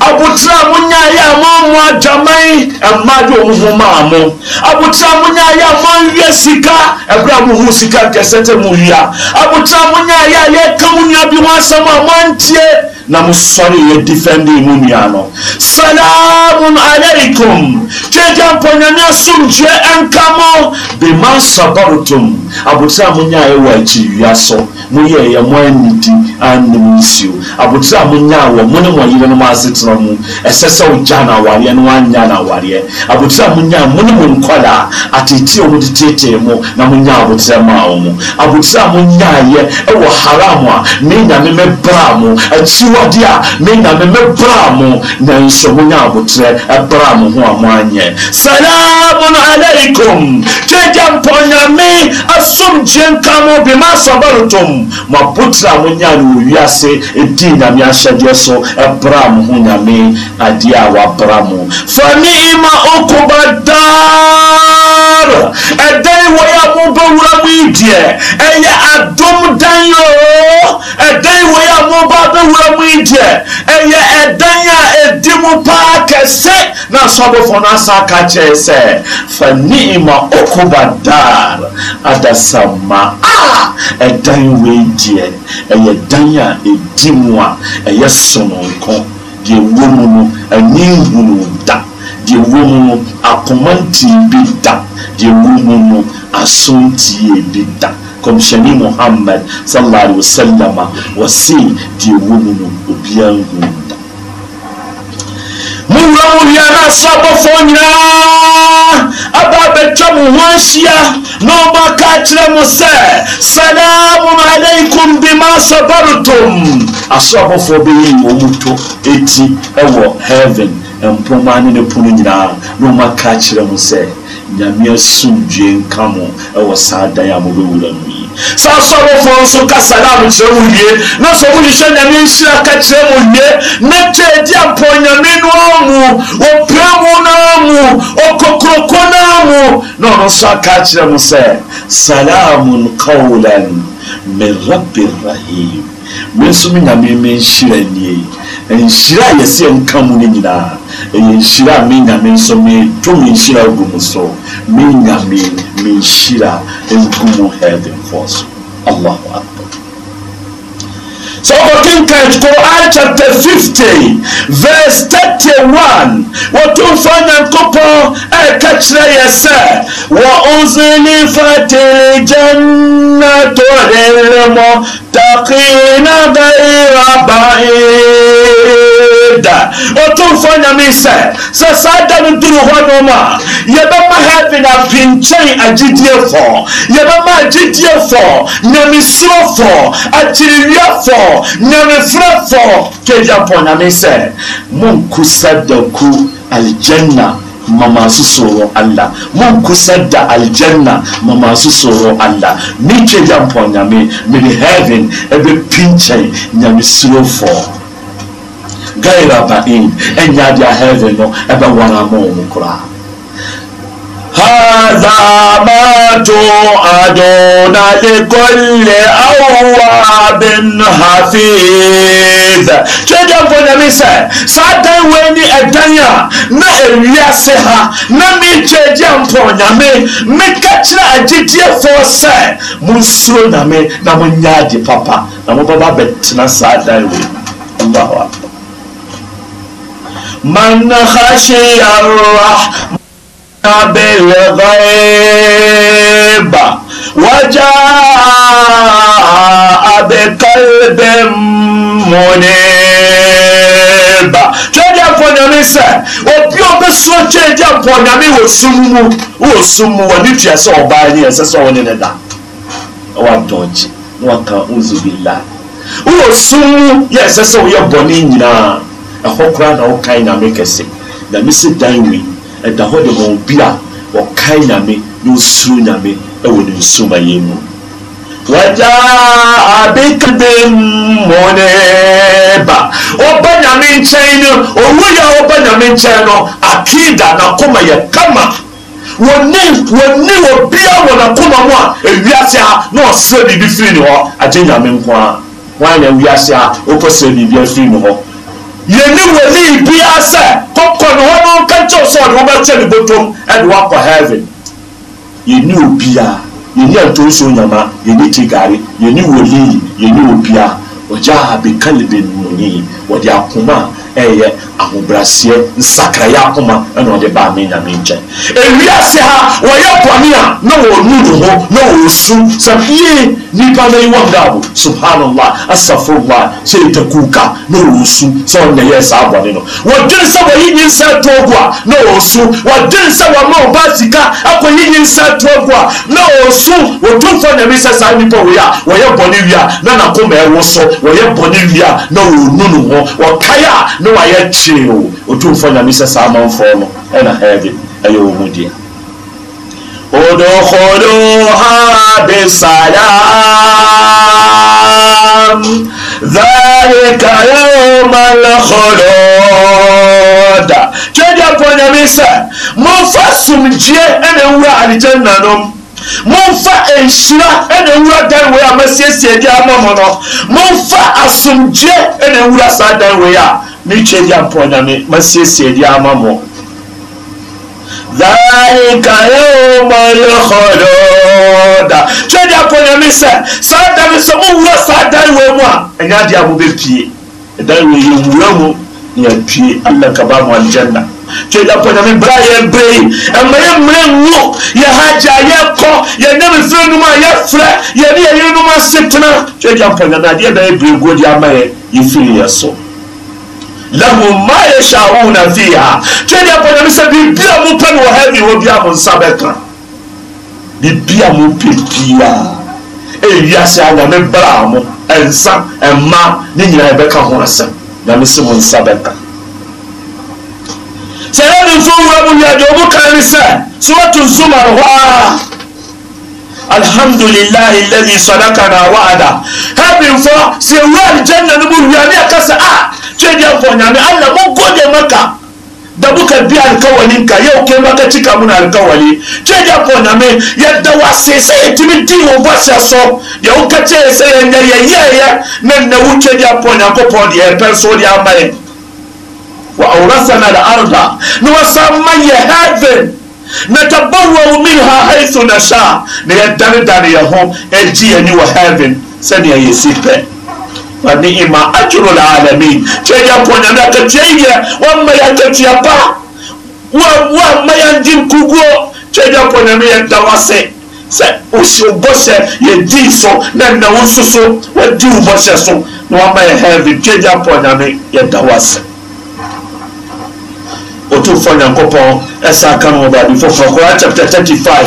abotire a monyaeɛ a moamo adwaman ɛma de ɔmoho maa mo abotire a monyaeɛ a moanwia sika ɛberɛ a mohu sika nkɛsɛ sɛ mowia abotire a monyaeɛ a yɛka mo nua bi ho asɛm a moantie na mosɔre yɛ difɛnde mu nua no salamun aleikum twɛgya mpɔnyame asomdwoɛ ɛnka mo bema sabartum abotire a monyaeɛ wɔ akyiwia so moyɛ yɛ mo anidi annom nsuo abotire a monyaa wɔ mo ne mo yere no m asetena mu ɛsɛ sɛ wogya no awareɛ no woanya no awareɛ abotire a monyaa mo ne mo nkɔdaa atetie mo de tietie mo na monya abotire maa wo mu abotire a monyaeɛ ɛwɔ haram a ne nyame mɛbraa mo akyiw awurade a me nyame mebraa mo nanso monya abotrɛ ɛbraa mo ho a mo anyɛ salamun alaikum gyegya mpɔ nyame asomgyee nka mo bima sabartum mo abotrɛ a monya no wɔ wiase ɛdii nyame ahyɛdeɛ so ɛbraa mo ho nyame adeɛ a wabra mo fanima okubadar ɛdan wɔ yɛ mobɛwura mu yi deɛ ɛyɛ adom dan o ɛdan wɔ yɛ mobɛwura mu yi deɛ ɛyɛ ɛdan a ɛdi mu paa kɛse na asɔbofo no asa aka kyerɛ sɛ fa niima okoba daar adasamma a ɛdan wei deɛ ɛyɛ dan a ɛdi mu a ɛyɛ sononko deɛ wɔ mu no ani nhunu da deɛ wɔ mu no akoma ntii bi da deɛ wɔ mu no aso ntii bi da kɔmhyɛne muhammad sallallahu alaihi wasallam a wɔse deɛ wɔ mu no obiara nhu da mowura nyinaa aba abɛtwa mo ho ahyia na ɔma ka kyerɛ mo sɛ salamun alaikum bima sabartum asɔabɔfoɔ bɛyi wɔ mu to ɛti ɛwɔ heaven mpoma ne ne pono nyinaa na ɔma ka kyerɛ mo sɛ nyame asomdwe nka mo ɛwɔ saa dan a mobɛwura no sasɔrɔfoɔ nso kasa na amukyerɛ mu yie na sɔ mu hyehyɛ nyame nhyira ka kyerɛ mu yie na kyɛ di apɔ nyame no amu ɔpira mu na amu ɔkokoroko na amu na ɔno nso aka kyerɛ mu sɛ salamun kaulan min rabbi rahim me nso me nyame me nhyira nie nhyira s a yɛsɛ nka mu no m y i n a a ɛ y h i r a me nyame nso meto me nhyira gu mu so me nyame me n h i r a ngu mu heaven force allahu akbar sbokika koroa p50 s 31 wɔtomfo nyankopɔn ɛɛka kyerɛ yɛ sɛ wɔ ozulifateljannato adewere mɔ takiina gayra baida otomfo nyamei sɛ sɛsaa dabe duru hɔanoma yɛbɛma havin apinkyɛn agyidie fɔ yɛbɛma agyedie fɔ nyamesoo fɔ akyirewia fɔ fɔ nyamefra fɔ kegya pɔ nyame sɛ monko sɛ ku aljanna mama masu tsoron Allah mun kusar da aljanna ma masu tsoron Allah ni ke jamfon nyame mini heaven ebe pinche nyame surofo gaira ba'in in yadi a heaven no ebe wana mo mu kura هذا ما توعدون لكل أواب حفيظ kyerɛkyerɛfoɔ nyame sɛ saa dan wei ne ɛdan a na awiase ha na mekyɛgye mpɔ nyame meka kyerɛ agyegyeefoɔ sɛ monsuro nyame na monyɛ agye papa na mobɛba bɛtena saa dan wei allahu akbar man khashia arrahman بالغيب وجاء بقلب منيب twɛde akɔnyame sɛ obi a ɔbɛsuo twɛde akɔnyame wɔ sum mu wɔ sum mu wɔ ne tua sɛ ɔbaa ne ɛsɛ sɛ ɔne ne da ɛwɔ adɔnkye na waka nzu bi la wɔ sum mu yɛ na ɔkae nyame kɛse na mesi ɛda hɔ de wɔn bi a wɔkae nyame na osuro nyame ɛwɔ ne nsoma yɛn mu wàjà àbíkàdé mọ̀nẹ́bà ọba nyàmé nkyɛn no owó yà ọba nyàmé nkyɛn no akéèdà n'akoma yɛ kama wòní wòní obiá wɔ n'akoma mu a ewiase ha na ɔsrɛ biribi firi ne hɔ agye nyàmé nko a wọn yɛ ewiase ha ɔpɛ srɛ biribi afiri ne hɔ yɛne wani bia sɛ kɔkɔ ne hɔ no nka nkyɛw sɛ ɔde wobɛkyɛ ne botom ɛde woakɔ heaven yɛni obia yɛni antonso nyama yɛni tigare yɛni walii yɛni obia ɔgyaa bekalibin munii wɔde akoma ɛyɛ nsakra nsakraya akoma ɛna ɔde baa me nyame nkyɛn ewiase ha wɔyɛ bɔne a na wɔnu no ho na wɔsu sɛ yee nnipa na yi wɔn daabo subhanallah asafurlah sɛ ɛtakuka na wɔsu sɛ ɔnyɛ yɛ saa bɔne no wɔdwene sɛ wɔyi nyinsa toogu a na wɔsu wɔdwene sɛ wɔma wɔba sika akɔyi nyinsa toogu a na wɔsu wɔtumfo nyame sɛ saa nnipa wei a wɔyɛ bɔne a na nakoma so wɔyɛ bɔne a na wɔnu ne ho wɔkae a ne wayɛ kyee o ɔtumfoɔ nyame sɛ saa amanfoɔ no ɛna hɛɛde ɛyɛ wɔ mu deɛ ادخلوها بسلام ذلك يوم الخلود twɛdeɛpɔ nyame sɛ momfa somgyeɛ ɛna wura aligyana nom momfa nhyira ɛna wura dan wei a masiesie de ama mo no momfa asomgyeɛ ɛna wura saa dan wei a mekyɛ di ampɔ nyame masiesie di ama mo dhalika yawma lkhuluda kyɛ di ampɔ nyame sɛ saa da no sɛ mowura saa dan wei mu a ɛnyɛ ade a mobɛpie ɛdan wei yɛwura mu ne yɛpie allah ka ba mo aljanna kyɛ di ampɔ nyame berɛ a yɛbrɛ yi ɛma yɛmmerɛ nwo yɛhagya yɛkɔ yɛnam mfiri nom a yɛfrɛ yɛne yɛyere nom asetena kyɛ di ampɔ nyame adeɛ da yɛbrɛ guo ama yɛ yɛfiri yɛ so lahum ma yashauna fiha twɛdeɛ apɔnyame sɛ biribia mopɛ ne wɔ ha mi hɔ bia mo nsa bɛka biribia mopɛ biaa ɛwiase e, a nyame braa mo ɛnsa ɛma ne nyinaa yɛbɛka ho asɛm nyame se mo nsa bɛka sɛ ɛne mfo wura mu wiadeɛ ɔmo kan ne sɛ sɛ wato nsoma no hɔ ara alhamdulilahi ladi sadakana waada habimfo sɛ wura aljanna no mu wiane akasɛ a ah! kyegyafa onyambe allah mugodde maka dabuka bya alkawalinka yeokembaka kikamuna alkawali kyegyaponyame yaddawaseesa yetibitiyovasaso yawuka kyeseyenga yeyeeya nennewu kyegyaponyanko pondi empensa olyamaye wa aurathana al arda niwasamanye heaven natabawau minha haithu nasha neyaddanidaneyaho egiye niwa heaven seniya yesipe fa ni'ima ajrul alamin ceeƴa poñanda ka ceeƴe wamma yakatiya ba wamma yan jin kugo ceeƴa poñami yen dawase sɛ osi e e e o bɔsɛ yɛ di so na nawo soso wɔ di o bɔsɛ so na wama yɛ hɛvi ceeƴa poñami yɛ dawase otumfo nyankopɔn ɛsa ka no wɔ baabi foforɔ koraa chapter thirty five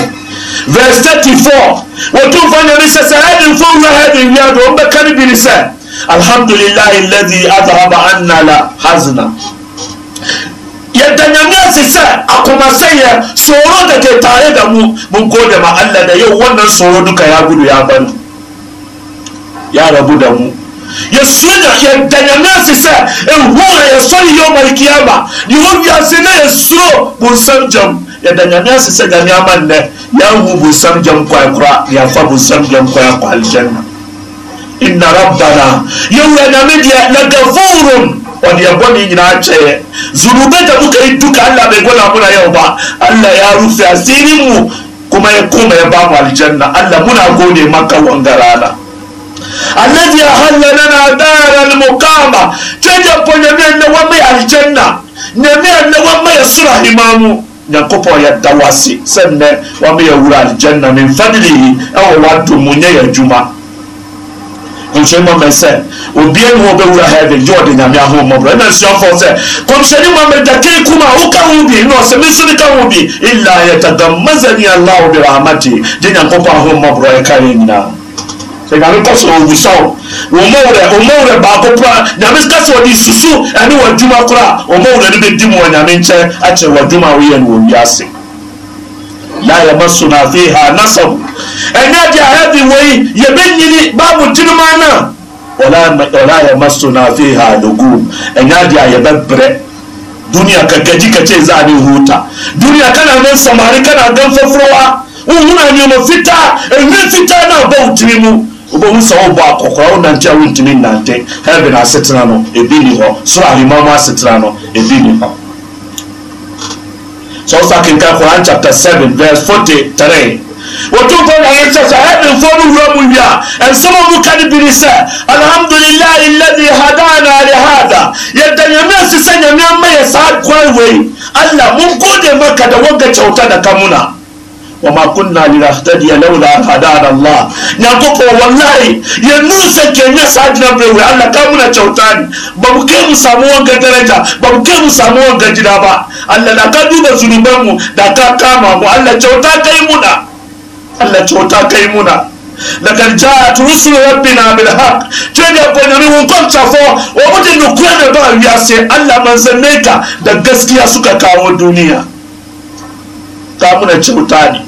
verse thirty four wɔtumfo nyame sɛ sɛ hɛdi mfo wura hɛdi wia do wɔn bɛka ne bi ne sɛ alhamdulillahi alladhi adhaba anna la hazna yadda nyamiya si sa a kuma sanya da ke tare da mu mun gode ma Allah da yau wannan soro duka ya gudu ya bari ya rabu da mu ya suna yadda nyamiya su sa e wura ya sani yau mai kiyama ni hun ya sina ya so bun jam yadda nyamiya su sa ga nyaman ne ya hu sanjam jam kwa ya fa busan jam kwa aljanna inna rabbana yewuranyame la gafurun wadiya gwani ɲina cɛ zunube ta muka yi duka allah muna yau alla allah ya rufe asirin mu kuma ya koma ya ba mu aljanna allah muna gode maka wangarana alladhi ahallana dara almuqama cɛjɛ po ɲame na wama ya aljanna ɲame na wama ya sura himamu nyankopɔn yɛ dawase sɛnnɛ wama ya wura aljanna min fadlihi ɛwɔ wa dumu ɲɛ ya juma nhyɛnni mɔmɛ sɛ obiara ni wɔn bɛwura heaven yɛ ɔde nyame ahoɔmɔborɔ ɛna nsuafoɔ sɛ kɔmhyɛnni mɔmɛ dakiri kuma a woka ho bi na ɔsɛ mi ne ka ho bi ila yɛtaga mazani alaw bi rahamati de nyankopɔn ahoɔmɔborɔ ɛka yɛ nyinaa nyame kɔ so ɔwusaw ɔmɔwerɛ ɔmɔwerɛ baako pora nyame ka sɛ ɔde susu ɛne wɔadwuma kora a ɔmɔwerɛ no bɛdi mu wɔ nyame nkyɛn akyerɛ wɔadwuma a woyɛ no wɔ wiase láyé mọ́sùnà fi hà násọ̀bù ẹni àti àhẹ́bì wọ̀nyí yẹ̀bẹ̀ nyini báàbù tìrìmọ́ náà ọláyé mọ́sùnà fi hà lógún ẹni àti àyẹ̀bẹ̀ brẹ́ duniya ka gaji ka ce za ni huta duniya kana nan samari kana gan fofowa wuna neman fita ɛnwe fita na ɔbɔ ntumi mu wobɛhu sɛ wobɔ akɔkora wo nante a wontumi nnante heaven asetena no ɛbi ni hɔ soro ahemma mu asetena no ɛbi ni hɔ s73watu bonasasahein fonu wuramu ya en somomu kadi binise alhamdulillahi اllaذi hadana le haذa yaddayame sisayamamaya saa kran wey allah mun godemakada wagga cautada kamuna wa ma kunna linahtadiya laula an hadana Allah nyankoko wallahi yanzu sake nya sajina brewe Allah ka muna kyauta ne ba mu kai mu samu wanga daraja ba mu kai mu samu wanga gida ba Allah na ka duba zunuban mu da ka kama mu Allah kyauta kai muna Allah kyauta kai muna lakad jaat rusulu rabbina bilhaq twende wa mihukon chafo wamote nukwene ba sai Allah manzanneka da gaskiya suka kawo duniya ka muna kyauta ne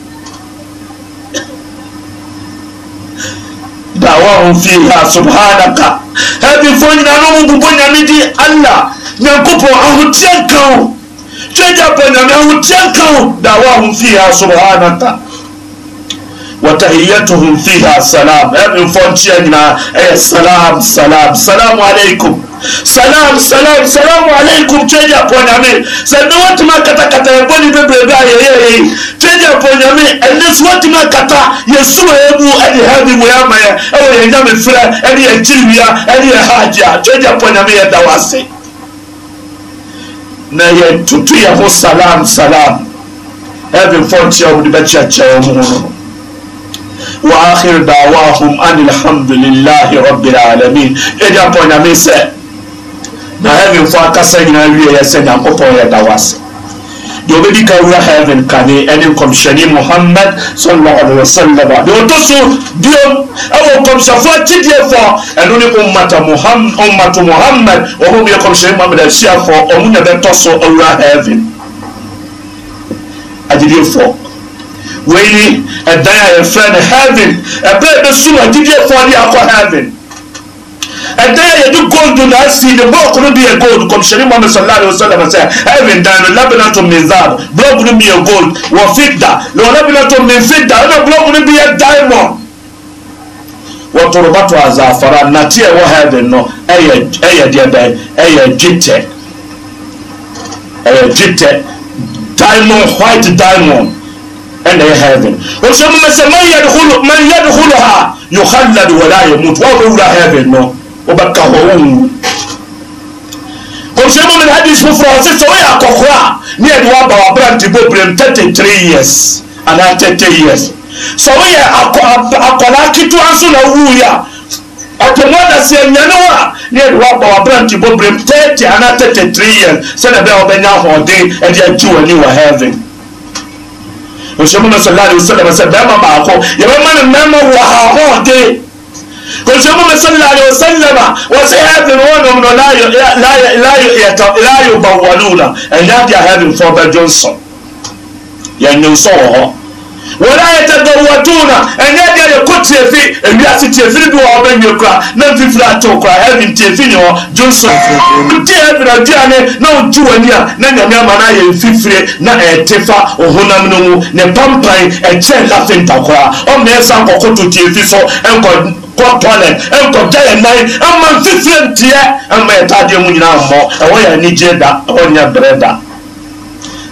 dawahum fiha subhanaka ɛfifo nyinaa no mu bobɔ nyame di allah nyankopɔn ahoteɛ nka wo twɛ gyapɔ nyame ahoteɛ nka wo dawahum fiha subhanaka watahiyatuhum fiha salam yani eh, mfonchiani na eh, salam salam salamu alaikum salam salam salamu alaikum cheja ponyame zambe wati makatakata yaboni bebreba yeyeye cheja ponyame enes wati makata yesuwa yebu ali hadi muyamaya ewe yenyame eh, fira eh, ali yejiriya ali yehaja cheja ponyame yedawase na yɛntutu yɛ ho salam salam ɛbi fɔ nkyɛn wɔn de bɛkyɛkyɛ wɔn ho no وآخر دعواهم أن الحمد لله رب العالمين إذا أقول نميسة نا هفن فاكا سيدنا يلي يسيد أن أقول يدواس يوبي بيكا ويا هفن كاني أنين كمشاني محمد صلى الله عليه وسلم دي وتسو ديوم أو كمشا فاتي دي فا أنوني أمة محمد أمة محمد وهم يكم شاني محمد الشيخ فا أمون يبتسو أولا هفن أجل يفوق wei ɛdan a yɛfrɛ no heaven ɛberɛ a bɛsum agyidiefoɔ ne akɔ heaven ɛdan a yɛde gold na asi ne bɔɔko no bi yɛ gold kɔmhyɛne mohamad sallallahu alaihi wasallam sɛ heaven dan no labinato min zab blɔɔko no bi yɛ gold wɔ fidda na wɔ labinato min fidda ɛna blɔɔko no bi yɛ diamond wɔ torobato azafara nate a ɛwɔ heaven no ɛyɛ ɛyɛ deɛ bɛn ɛyɛ gyitɛ ɛyɛ gyitɛ diamond white diamond أنا heaven وسمى من يدخل من يدخلها يخلد ولا يموت وهو لا heaven no وبكهون kɔmhyɛmu mene hadis foforɔ sɛ sɛ woyɛ akɔkora ne ɛde woaba wabrante bobrem 33 years anaa 30 years sɛ woyɛ akɔlaa ketewa so na wui a apɛmuadaseɛ nyane wo a ne ɛde woaba wabrante bobrem 30 anaa 33 years sɛne ɛbɛɛ wobɛnya ahoɔden ɛde agye w'ani wɔ heaven وشمونا صلى الله عليه وسلم سدام معكم يبقى من نما وحاقوتي وشمونا صلى الله عليه وسلم وسيات الوان من لا ي... لا ي... لا ي... لا يبولونا and that you are having for the Johnson يعني وصوره wɔn a yɛtɛdɔwɔtona ɛnyɛ deɛ yɛkɔ tiɛfi ewiase tiɛfiri bi wɔ ɔbɛnwie kora na mfifiri ato ɛbi nyɛ hɔ nti na aduane na a na nyame ama na ayɛ mfifiri na ɛtefa ɔhonam no mu ne pampan na ɛsan kɔkɔto so ɛnkɔ kɔ ɛnkɔ gya nan ɛma mfifiri ɛma mu nyinaa ɛwɔ yɛ anigye da ɛwɔ nyɛ brɛ da.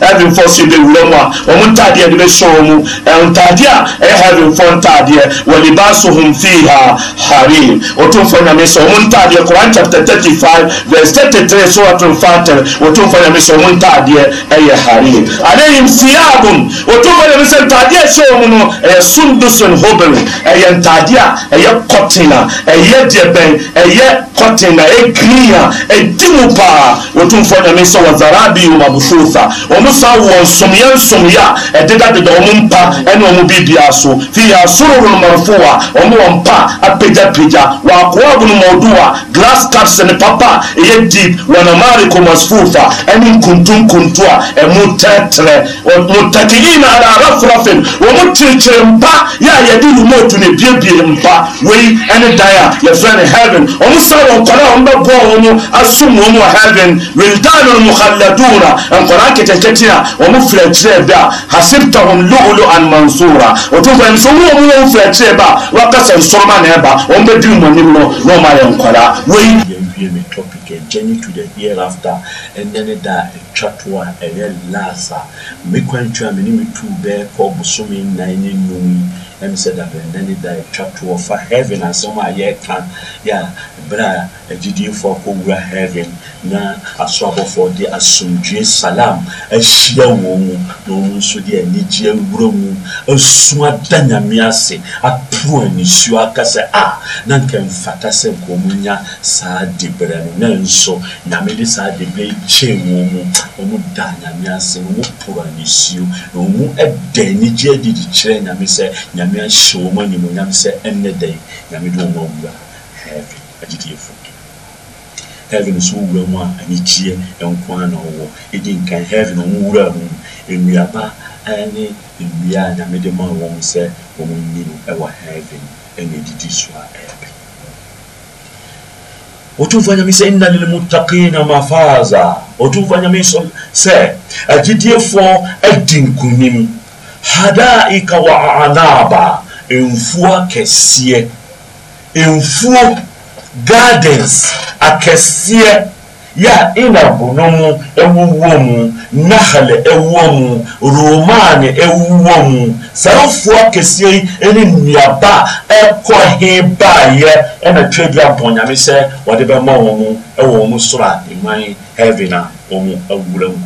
heaven fɔ si de wura mu eh, a wɔn ntaadeɛ de bɛ hyɛ wɔn mu ntaadeɛ a ɛyɛ heaven fɔ ntaadeɛ wɔli ba so hum fi ha hari wɔtumfɔ nyame sɛ ntaadeɛ chapter thirty five verse thirty three so wɔtumfɔ atɛrɛ wɔtumfɔ nyame sɛ wɔn ntaadeɛ eh, ɛyɛ hari ale yi siyaabum wɔtumfɔ nyame sɛ ntaadeɛ hyɛ wɔn mu no ɛyɛ eh, sundusun hobel ɛyɛ ntaadeɛ a ɛyɛ a ɛyɛ deɛbɛn ɛyɛ a a ɛdi mu paa wɔtumfɔ nyame sɛ wɔ zarabi wɔn abusuusa ɔmo saa wɔ nsomyɛ nsomyɛ ɛdeda deda ɔmo mpa ɛne ɔmo bibia so fi yɛ asororo mmarofo a ɔmo wɔ mpa apagyapagya wɔ akoa abono mɔdu glass caps ne papa ɛyɛ deep wɔ namare kɔmasfufa ɛne nkuntunkuntu a ɛmo tɛtrɛ ɔmo tɛkiyi na ara frɔfin ɔmo kyerɛkyerɛ mpa yɛ a yɛde remote ne biebie mpa wei ɛne dan a yɛfrɛ ne heaven ɔmo saa wɔ nkɔla a ɔmo bɛbɔ ɔmo asum ɔmo wɔ heaven wildan no mukhalladuna nkɔla ketekete nti a wɔn firakyerɛ da hasibtahum lu'ulu an mansura wɔtumfo ɛn so wɔn mu wɔn firakyerɛ ba wakasa nsoroma na ɛba wɔn bɛ di wɔn anim no na wɔn ayɛ nkwadaa Journey to the hereafter, and then that eh, eh, chatwa and eh, then lasa. Me kwantua me ni me tu be ko busumi na ni numi. Em said that and then that chatwa for heaven and some are yet can. Yeah, berɛ a agyidiifoɔ akɔwura heaven na asoabɔfoɔ de asomdwee salam ahyia wɔn mu na wɔn nso de anigye awura mu asu ada nyame ase aporo anisuo aka sɛ a na nka mfata sɛ nka wɔn nya saa deberɛ no na nso nyame de saa deberɛ yi kyɛn wɔn mu wɔn da nyame ase wɔn poro anisuo na wɔn da anigye adidi kyerɛ nyame sɛ nyame ahyɛ wɔn animonyam sɛ ɛnnɛ dɛn nyame de wɔn awura heaven agyidiefoɔ heaven so wura mu a anigyeɛ nko ara na ɔwɔ edi nkan heaven ɔmo wura mu nnuaba ɛne nnua a nyame de ma wɔn sɛ wɔn nni no ɛwɔ heaven ɛna edidi so a ɛɛpɛ otumfoɔ nyame sɛ nna lil muttaqina mafaza otumfoɔ nyame sɔ sɛ agyidiefoɔ adi nkunim hadaika wa anaba mfuo akɛseɛ mfuo gardens akɛseɛ yɛ a inabono mu ɛwowɔ mu nahale ɛwɔ mu romane ɛwowɔ mu saa afoɔ akɛseɛ yi ɛne nnuaba ɛkɔ he baayɛ ɛna twa bi abɔnyame sɛ wɔde bɛma wɔn mu ɛwɔ wɔn mu soro a eman heaven a wɔn awura mu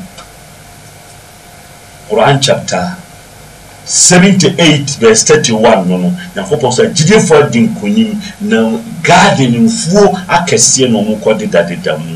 quran chapter seventy eight verse thirty one no no nyankopɔn sɛ gyidifoɔ di nkonim na garden mfuo akɛseɛ na wɔn kɔ dedadeda mu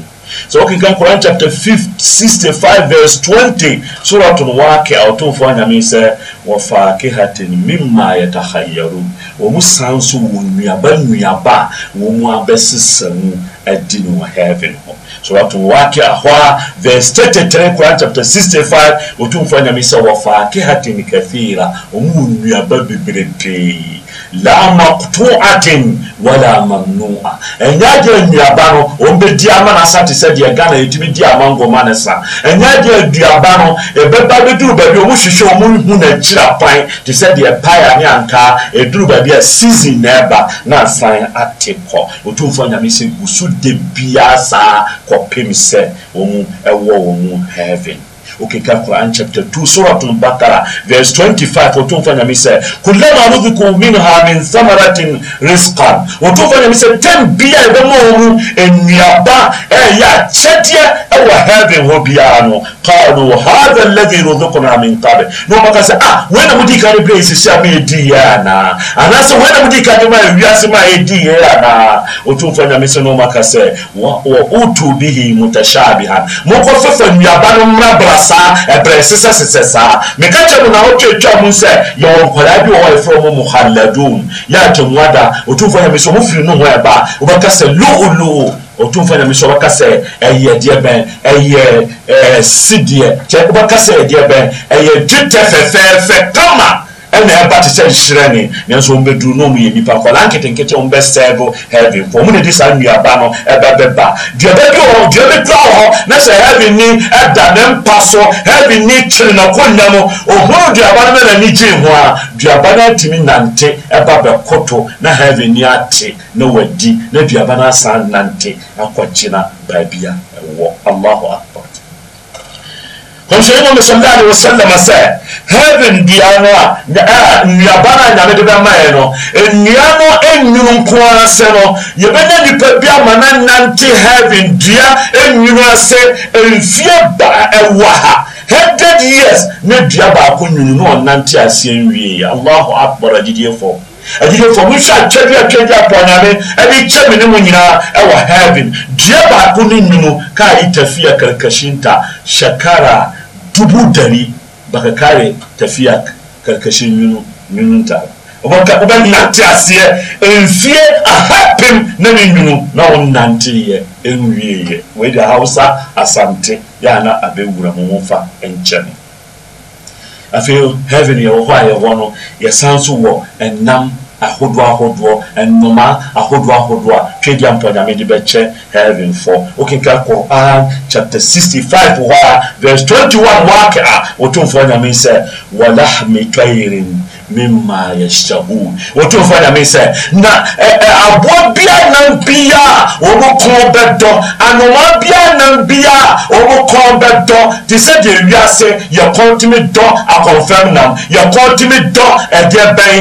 sɛ wɔkenkan koran chapter sixty five verse twenty to no waake a ɔtomfoɔ anyame sɛ wɔfa kehaten mimma yɛtahayaru wɔn mu san so wɔn nnuaba nnuaba a wɔn mu abɛsesa mu adi no wɔ heaven hɔ so watu wake ahwa vestated 33 Quran chapter 65 utumfanya misa wafake hati ni kathira umundu yaba bibirepei la maqtu'atin wala mamnu'a ɛnyɛ agye nnuaba no ɔmbɛdi ama no asa te sɛ deɛ ghana yɛtumi di ama ngoma no sa ɛnyɛ agye aduaba no ɛbɛba bɛduru baabi ɔmu hwehwɛ ɔmu hu n'akyira pan te sɛ deɛ paya ne ankaa ɛduru baabi a season na ɛba na asan ate kɔ ɔtumfoɔ nyame sɛ gusu de biaa saa kɔpem sɛ ɔmu ɛwɔ ɔmu heaven okeka quran chapter 2 suratul bakara verse 25 otumfa nyame sɛ kulama ruziku minha min thamaratin risqan otumfa nyame sɛ tɛm bia ɛbɛma wɔ mu nnuaba ɛyɛ e akyɛdeɛ ɛwɔ heaven hɔ biara no qalu hadha alladhi ruzukna min qabl ah, na ɔmaka sɛ ah wei na modi ka ne berɛ ɛsisi a meɛdi yɛ anaa anaasɛ wei na modi ka ne ma ɛwiase ma ɛdi yɛ anaa otumfa nyame sɛ na ɔmaka sɛ wa utu bihi mutashabihan mokɔfefa nnuaba no mmra brase saa ɛbrɛ sesɛ sesɛ saa meka kyɛ mu na wotwe twa mu sɛ yɛwɔ nkwadaa bi wɔ hɔ ɛfrɛ mu muhalladun yɛagyɛmuada ɔtumfoɔ nyame sɛ wofiri no ho ɛba wobɛka sɛ luuluu ɔtumfoɔ nyame sɛ wobɛka sɛ ɛyɛ deɛ bɛn ɛyɛ sideɛ kyɛ wobɛka sɛ ɛdeɛ bɛn ɛyɛ dwetɛ fɛfɛɛfɛ kama ɛna ɛba te sɛ nhyerɛne nanso wɔn bɛduru na wɔn yɛ nipa nkɔla nketenkete wɔn bɛsɛɛbo heaven fo wɔn na di saa nnuaba no ɛbɛbɛba duaba bi wɔ duaba bi wɔ na sɛ heaven ni ɛda ne mpa so heaven ni kyerɛ na ko nna mu ohun duaba no na n'ani gye ho a duaba no atumi nante ɛba bɛkoto na heaven ni ate na wadi na duaba no asan nante akɔgyina baabi a ɛwɔ allahu akbar. Hemşire Muhammed sallallahu aleyhi ve sellem sɛ heaven dia no e a nnuaba no a nyame de bɛma yɛ no nnua no nnwunu nko ara sɛ no yɛbɛnya nnipa bi ama na nante heaven dua nnwunu ase mfie ba ɛwɔ e ha hundred years ne dua baako nwunu na ɔnante aseɛ nwieɛ allahu akbar agyidiefoɔ agyidiefoɔ monhwɛ atwɛde atwɛde apɔnyame ɛde kyɛ me ne mu nyinaa ɛwɔ heaven dua baako ne nwunu kaa itafi akarikashinta shakara dubu dari baka kare tafiya karkashin yunun na ti asiye nante fie a ahapem na ni nwunu na wiye ye ɛnwieyɛ da hausa asante ya na wura mo ho fa nkyɛ no afi heaven yɛwɔ hɔ a yɛwɔ no yɛsan so wɔ nam. ahodoɔ ahodoɔ nnoma ahodoɔ ahodoɔ a twɛ di ampa nyame de bɛkyɛ heaven fɔ wokenka quran chapter sixty-five, 65 hɔ a verse 21 wake a wɔtomfoɔ nyame sɛ walahmi kairin mimma yashtahun wɔto fa nyame sɛ na aboa bia nam bia a wɔmo kɔn bɛdɔ anoma bia nam bia a wɔmo kɔn bɛdɔ te sɛ deɛ wiase yɛkɔn tumi dɔ akɔnfɛm nam yɛkɔn tumi dɔ ɛdeɛ bɛn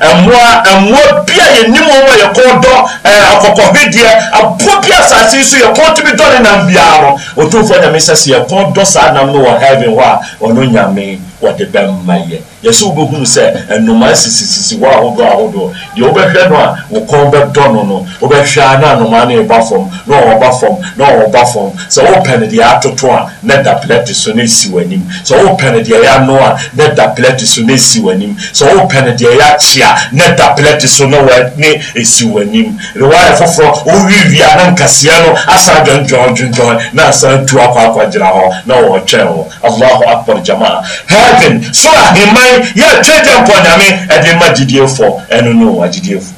ɛmmoa ɛmmoa bia yɛnim wɔn a yɛkɔn dɔ akɔkɔhwedeɛ aboa bia asase so yɛkɔn tumi dɔ ne nam bia no wɔto fa nyame sɛ sɛ yɛkɔn dɔ saa nam no wɔ heaven hɔ a ɔno nyame wɔde bɛmma yɛ yɛsɛ wobɛhunu sɛ nnomaa sisisisi wɔ ahodoɔ ahodoɔ deɛ wobɛhwɛ no a wo kɔn bɛdɔ no no wobɛhwɛ a na nnomaa no ɛba fam na ɔwɔba fam na ɔwɔba fam sɛ wopɛ no deɛ atoto a na da plɛte so na ɛsi w'anim sɛ wopɛ no deɛ yɛano a na da plɛte so na ɛsi w'anim sɛ wopɛ no deɛ yɛakye a na da plɛte so na ne ɛsi w'anim rewaya foforɔ wowiwia na nkaseɛ no asan dwɔndwɔndwɔndwɔn na asan tu akɔ akɔgyina hɔ na wɔɔtwɛn wo allahu akbar jamaa heaven so aheman yɛtwa gya mpɔ nyame ɛde ma gyidiefoɔ ɛno ne wɔ agyidiefoɔ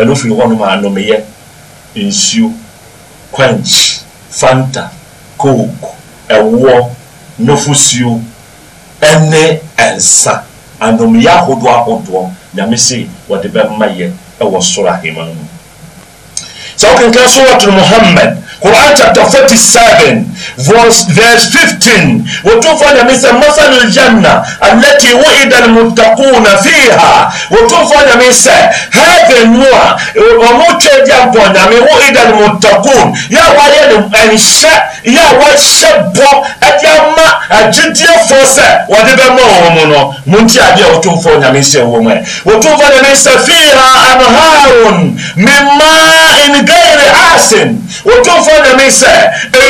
ɛno firi hɔnom a anomeyɛ nsuo quench fanta coke ɛwoɔ nofosuo ɛne ɛnsa anomeyɛ ahodoɔ ahodoɔ nyame se wɔde bɛma yɛ ɛwɔ soro ahema no mu سواء كان سورة محمد قرآن chapter 47 verse, verse 15 وتفعل مثل مثل الجنة التي وعد المتقون فيها وتفعل مثل هذا النوع وموت جابونا من يعني وعد المتقون يا وعيد أنشاء يا وشبو أجمع أجدي فرصة هو منه من أبي وتفعل مثل وما وتفعل مثل فيها أنهار من ماء bigayre asin, wotomfoɔ ne me sɛ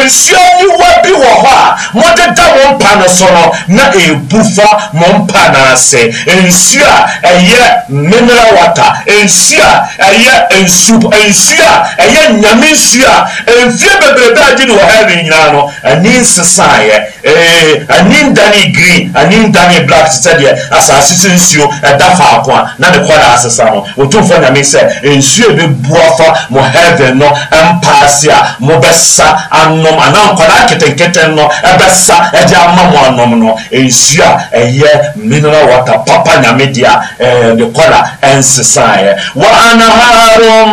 nsuo niwa bi wɔ hɔ e a modeda mo mpa no so no na ɛbu fa mo mpa no ase nsuo a ɛyɛ mineral water nsuo a ɛyɛ nsu nsuo a ɛyɛ nyame nsuo a mfie bebrebe agye ne wɔ ha ne nyinaa no ani nsesaeɛ e, ani ndane green ani ndane black sɛdeɛ asase so nsuo ɛda e faako a na ne kɔda asesa no wotomfoɔ nyame sɛ nsuo bɛbua fa mo ha heaven no mpaase a mobɛsa anom anaa nkwadaa nketenkete no ɛbɛsa ɛde ama mo anom no nsuo a ɛyɛ mineral water papa nyame deɛ a ɛɛ eh, ne kɔla ɛnsesaeɛ wɔanaharom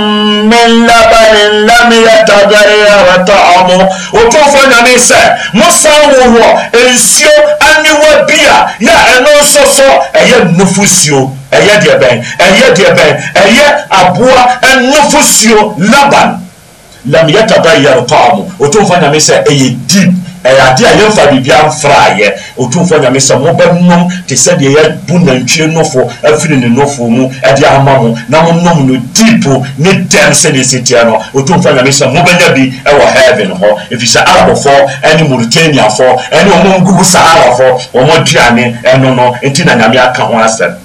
min labanin lam yɛtagayɛrɛ ta'amo wɔtomfoɔ nyame sɛ mosan wohoɔ nsuo aniwa bi a yɛ ɛno nso so ɛyɛ nufu suo ɛyɛ deɛ bɛn ɛyɛ deɛ bɛn ɛyɛ aboa ɛnofosuo laban lam yɛtaba yɛre kɔɔ mo ɔtumfoɔ nyame sɛ ɛyɛ deep ɛyɛ ade a yɛmfa biribia mfra yɛ ɔtumfoɔ nyame sɛ mobɛnom te sɛdeɛ yɛbu nantwie nofo afiri ne nofo mu ɛde ama mo na monom no dipo ne dɛm sɛdeɛ ɛsitiɛ no ɔtumfoɔ nyame sɛ mobɛnya bi ɛwɔ heaven hɔ ɛfiri sɛ arabfoɔ ɛne mauritaniafoɔ ɛne ɔmo ngugu saharafoɔ ɔmo aduane ɛno no nti na nyame aka ho asɛm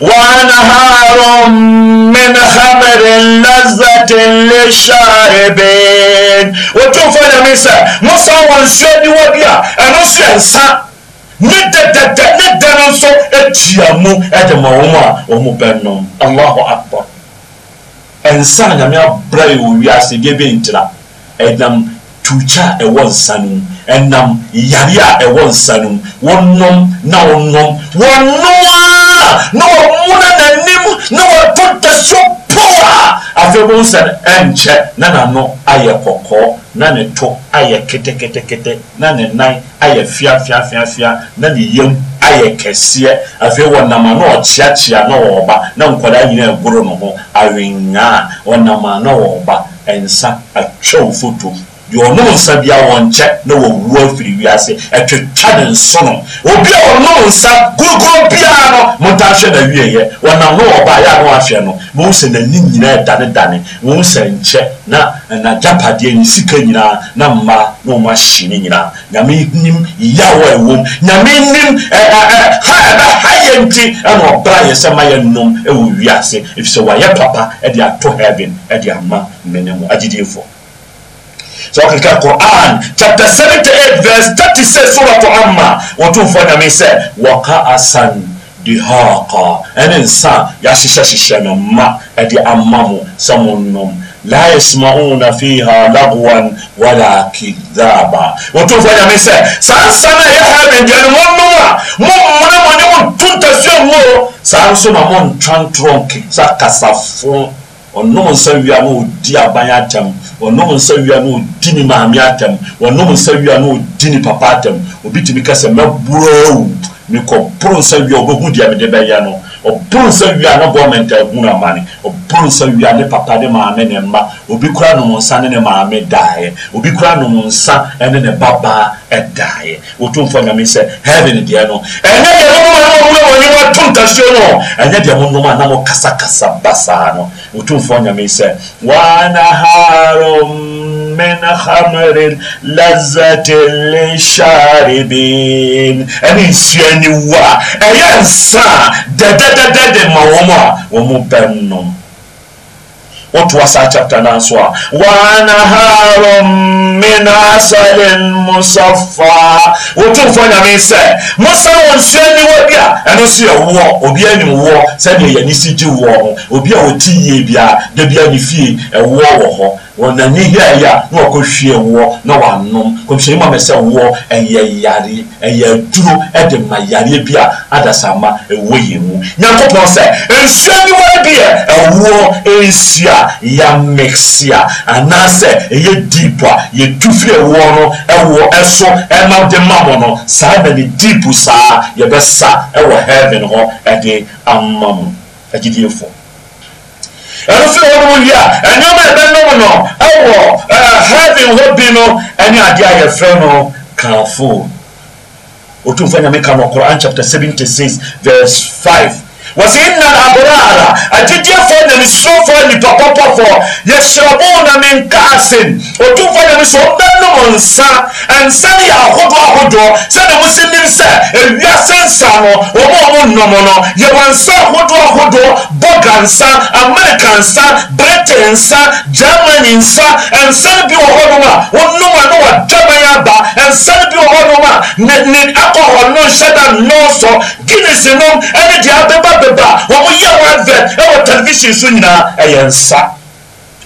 وأنهار من خمر لذة للشاربين وتوفى لميسا موسى وانسوا بوابيا أنا سيسا ne dɛdɛdɛ ne dɛnɛ nso atua mu de ma wɔn a wɔn bɛnom allahu akbar ɛnsa nyame abrɛ wɔ wiase deɛ bɛntira ɛnam tukya a ɛwɔ nsa no mu ɛnam yare a ɛwɔ nsa no mu wɔnom na wɔnom wɔnom a na wɔmuna n'anim na wɔto dasuo a afei wɔn nsa ɛnkyɛ na n'ano ayɛ kɔkɔɔ na ne to ayɛ ketekete na ne nan ayɛ fiafiafiafia na ne yam ayɛ kɛseɛ afei wɔnam a na ɔkyeakyea na wɔɔba na nkwadaa nyinaa ɛgoro ne ho awenyaa wɔnam a na wɔɔba ɛnsa atwa wo foto deɛ ɔnom nsa bia wɔn nkyɛ na wɔwu afiri wiase ɛtwetwa ne nso no obi a ɔnom nsa kurukuru biara no montaa hwɛ na wieyɛ wɔnam no wɔbaayɛ a na wahwɛ no mohu sɛ n'ani nyinaa danedane mohu sɛ nkyɛ na nagyapadeɛ ne sika nyinaa na mmaa na ɔmo ahye ne nyinaa nyame nim yaw a ɛwɔ mu nyame nim ha ɛbɛha yɛ nti ɛna ɔbra yɛ sɛ ma yɛ nom ɛwɔ wiase ɛfisɛ wayɛ papa ɛde ato heaven ɛde ama mmene mu agyediefoɔ so katika Quran chapter 78 verse 36 suratu mise wa wakaasan dihaqa ɛne yaani nsa ya no ma ɛde amamu samunum la yasmauna fiha lagwan wala kidhaba wɔtomfo nyame sɛ saa na ya ɛyɛ ha bɛngyane monnom a mommana mo ne sasa saa nso na montwa ntorɔ nke sɛ kasafo ɔnom nsa wie a ma ɔdi wɔnom nsa wia no ɔdi ne maame atɛm wɔnom nsa wia no ɔdi ne papa atɛm obi tumi ka sɛ mɛboa wo mekɔporo nsa wia wobɛhu deɛ mede bɛyɛ no ɔboro nsa wia ne bɔ mɛntaabu na ma ne ɔboro nsa wia ne papa ne maame ne mma obi kura nom nsa ne ne maame daeɛ obi kura nom nsa ne ne babaa daeɛ wɔtumfo nyame sɛ heaven deɛ no ɛnyɛ deɛ monom a na wɔwura wɔne wato ntasuo no ɛnyɛ deɛ monom a na mokasakasa basaa no wɔtumfo nyame sɛ wanaharo من خمر لذة للشاربين ẹni nsuo ni wa ẹyẹ nsa dẹdẹdẹdẹ ma wɔn a wɔn bɛ nom wotoa saa chapter nan so a wanaharo min asalin musafa wotomfo nyame sɛ mosa wɔ nsuo niwa bi a ɛno so yɛ woɔ obi anim woɔ sɛdeɛ yɛne si gye woɔ ho obi a wɔnani yɛ ɛyɛ a na wɔkɔhwie woɔ na wɔanom kɔmhyɛni ma me sɛ woɔ ɛyɛ yare ɛyɛ aduro ɛde ma yareɛ bi a adasamma ɛwɔ yɛn mu nyankopɔn sɛ nsuo ni wɔn bi yɛ ɛwoɔ nsuo a yɛamekse a anaasɛ ɛyɛ deep a yɛtu firi ɛwoɔ no ɛwoɔ ɛso ɛma de ma mo no saa na ne deep saa yɛbɛsa ɛwɔ heaven hɔ ɛde ama mo agyidiefoɔ ɛno so na wɔnom wie a ɛnneɛma ɛbɛnom no ɛwɔ heaven hɔ bi no ɛne adeɛ a yɛfrɛ no kafoo ɔtumfa nyame ka no quran chapter 76 verse 5 wɔsi nna abrara agyegyefo nyamesurofoɔ nipapapɔfoɔ yɛhyerɛbo na menka asen ɔtumfa nyame sɛ ɔmbɛ nom nsa nsa no yɛ ahodoɔ ahodoɔ sɛde mo se nim sɛ ewiase nsa no wɔn a wɔn nom no yɛwɔ nsa ahodoɔ ahodoɔ bɔga nsa amerika nsa britain nsa germany nsa nsa no bi wɔ hɔnom a wɔn nom a no wɔ dwaman aba nsa no bi wɔ hɔnom a ne ne alcohol no nhyɛ da nnɔɔsɔ guinness nom ɛne deɛ abeba beba wɔn yɛ wɔn advert ɛwɔ television so nyinaa ɛyɛ nsa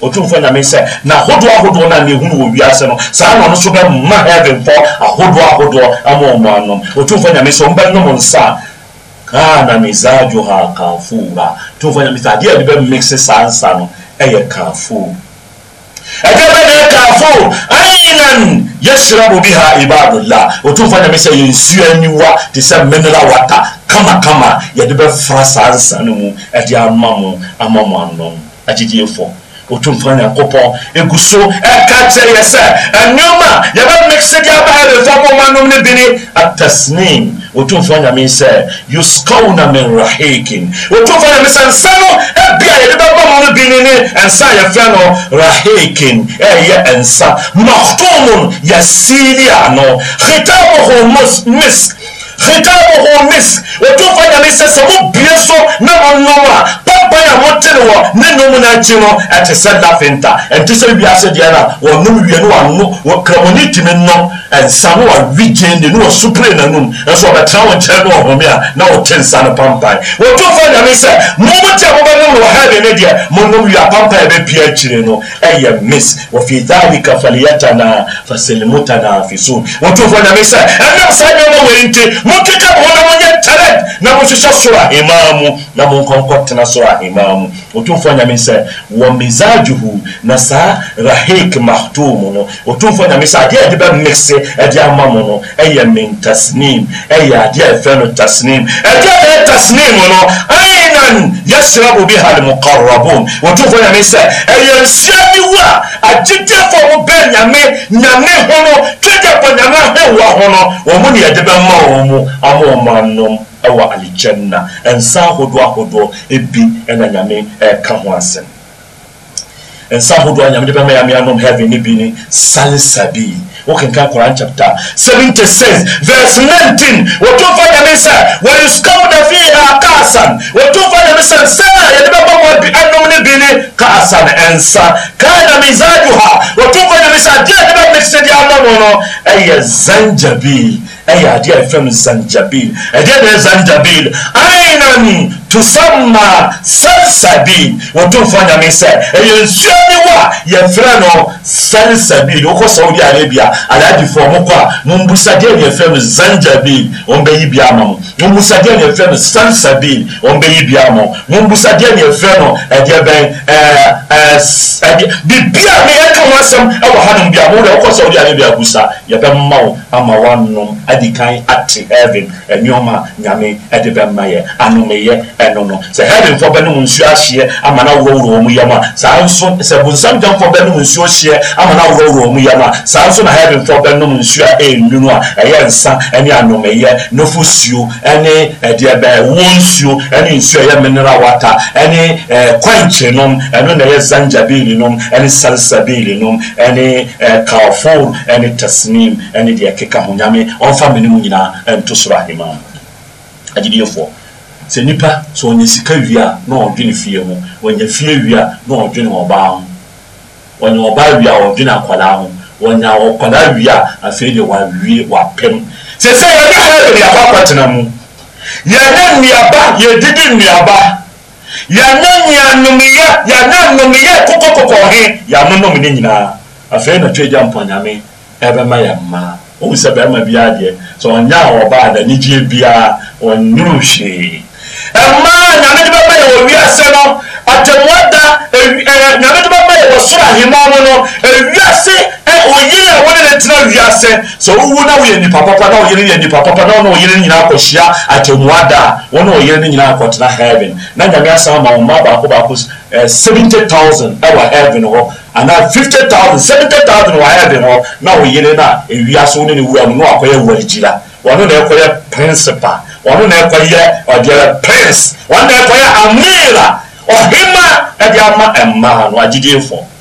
ɔtumfoɔ nyame sɛ na ahodoɔ ahodoɔ no a mehunu wɔ wiase no saa na ɔno so bɛma heaven fɔ ahodoɔ ahodoɔ ama ɔmo anom ɔtumfoɔ nyame sɛ ɔmbɛnom nsa kana ah, misajo ha kafura ɔtumfoɔ nyame sɛ adeɛ a de bɛmixe saa nsa no ɛyɛ kafuu ɛdeɛ bɛ na ɛkafuu ainan yɛsrabu biha ibadullah ɔtumfoɔ nyame sɛ yɛnsuo aniwa te sɛ mineral water kamakama yɛde bɛfra saa nsa no mu ɛde ama mo ama mo anom agyegyeefoɔ ɔtumfoɔ nyankopɔn ɛgu so ɛka kyerɛ yɛ sɛ ɛnneɔma yɛbɛmekse de abaɛ bɛfa bɔma nom no bi ne atasnim nyame sɛ yuskauna min rahikin ɔtumfoɔ nyame sɛ nsa no ɛbi a yɛde bɛbɔ mo no bi ne ne ɛnsa a yɛfrɛ no rahikin ɛyɛ ɛnsa mahtomun yɛsilia no khitamuhu misk hitamuhu mis wɔtumfo nyame sɛ sɛ mobue so na ɔnom a pampae a mote ne wɔ ne nom no e akyi e no ɛte sɛ dafenta ɛnte sɛ wiase deɛ no a wɔnom wie no wano wɔkramɔne tumi nom ɛnsa no wawigyen de ne wɔsupere n'anom ɛnso wɔbɛtena wo nkyɛn ne wɔhome a na wɔte nsa no pampae wɔtumfo nyame sɛ momote a mobɛnom no wɔhade ne deɛ monom wie a pampae bɛpia akyire no ɛyɛ mis wɔfi dhalika faliyatana fasilimutanafison e wɔtumfo nyame sɛ ɛnam saa nneɛma wei nti monkeka mo na monyɛ challenge na monhyehyɛ soro ahemaa mu na monkɔ nkɔtena soro ahemaa mu ɔtumfoɔ nyame sɛ wɔ misagehu na saa rahik mahtom no ɔtumfoɔ nyame sɛ adeɛ ɛde bɛmese ɛde ama mo no ɛyɛ min tasnim ɛyɛ adeɛ a ɛfrɛ no tasnim ɛdeɛ ɛyɛ tasnim no nsuan yɛsrɛbo bi ha lmukarrabun wɔtumfoɔ nyame sɛ ɛyɛ nsia bi wo a agyegyefoɔ mo bɛ nyame nyame ho no twegyefo nyame ahewɔ ho no wɔn mo ne yɛde bɛma wɔn mu ama wɔn ma nom ɛwɔ aljanna nsa ahodoɔ ahodoɔ ebi ɛna nyame ɛka ho asɛm nsa ahodoɔ a nyame de bɛma yɛame anom heaven ne bi ne salsabii wokenka quran chapter 76 verse nineteen. 19 wɔtumfo nyame sɛ wayuskawna fiha kaasan wɔtumfo nyame sɛ sɛ yɛde bɛbɔ mɔ bi anom ne bi ne kaasan ɛnsa kana misajuha wɔtumfo nyame sɛ adeɛ a de bɛmekse de ama mo no ɛyɛ uh, zanjabil ɛyɛ adeɛ a ɛfrɛ m zanjabil ɛdeɛ ne yɛ zanjabil ainan tusamma salsabil wɔtomfoɔ nyame sɛ ɛyɛ nsuo ne wo a yɛfrɛ no salsabil wokɔ saudi arabia alaadifoɔ mokɔ a mombusadeɛ ne yɛfrɛ no zanjabil ɔmbɛyi bia ma mo mombusadeɛ ne yɛfrɛ no salsabil ɔmbɛyi bia ma mo mombusadeɛ ne yɛfrɛ no ɛdeɛ bɛn biribia ne yɛka ho asɛm ɛwɔ hanom bia mowodɛ wokɔ saudi arabia busa yɛbɛma wo ama woanom adi kan ate heaven ɛnneɔma nyame ɛde bɛma yɛ anomeyɛ ɛno no sɛ heavenfoɔ bɛnom nsuo ahyeɛ ama no aworɔworɔ mu yam a saa nso sɛ bonsam gyamfoɔ bɛnom nsuo hyeɛ ama no aworɔworɔ mu yam a saa nso na heavenfoɔ bɛnom nsuo a ɛnnwunu a ɛyɛ nsa ne anomeyɛ nofosuo ne ɛdeɛ bɛɛwo nsuo ne nsuo ɛyɛ menera water ne kwankye nom ɛno na ɛyɛ zanjabili nom ne salsabili nom ne kalfor ne tasnim ne deɛ ɛkeka ho nyame ɔmfa me no mu nyinaa nto soro ahema agyidiefoɔ sɛ nipa sɛ ɔnya sika wie a na ɔdwene fie ho ɔnya fie wie a na ɔdwene ɔbaa ho ɔnya ɔbaa wie a ɔdwene akwadaa ho ɔnya ɔkwadaa wie a afei deɛ wawie wapɛm sɛ sɛ yɛne heaven yɛkɔ akɔtena mu yɛne nnuaba yɛdidi nnuaba yɛne nnuanomeyɛ yɛne nnomeyɛ kokɔkɔkɔ he yɛanonom ne nyinaa afei na twa gya mpɔnyame ɛbɛma yɛ mmaa wohu sɛ bɛrima biara deɛ sɛ ɔnyɛ a ɔbaa da anigyeɛ biara ɔnwuru hwee mmaa nyame de bɛma yɛ wɔ wiase no atemmuada e, e, nyame de bɛma yɛ wɔ soro ahemma mu no e, wiase oyere a wɔne ne tena wiase sɛ wowu na woyɛ nnipa papa na ɔyere yɛ nnipa papa na ɔne ɔyere no nyinaa akɔhyia atemmuada a wɔne ɔyere no nyinaa akɔtena heaven na nyame asan ma wo mmaa baako baako 70000 ɛwɔ heaven hɔ anaa 50000 70000 wɔ heaven hɔ na ɔyere no a ewiase wo ne ne wura mu na wakɔyɛ wɔagyira wɔno na ɛkɔyɛ principal wɔn na ɛkɔyɛ ɔdeɛ prince wɔn na ɛkɔyɛ amira ɔhema ɛde ama mmaa no agyidiefoɔ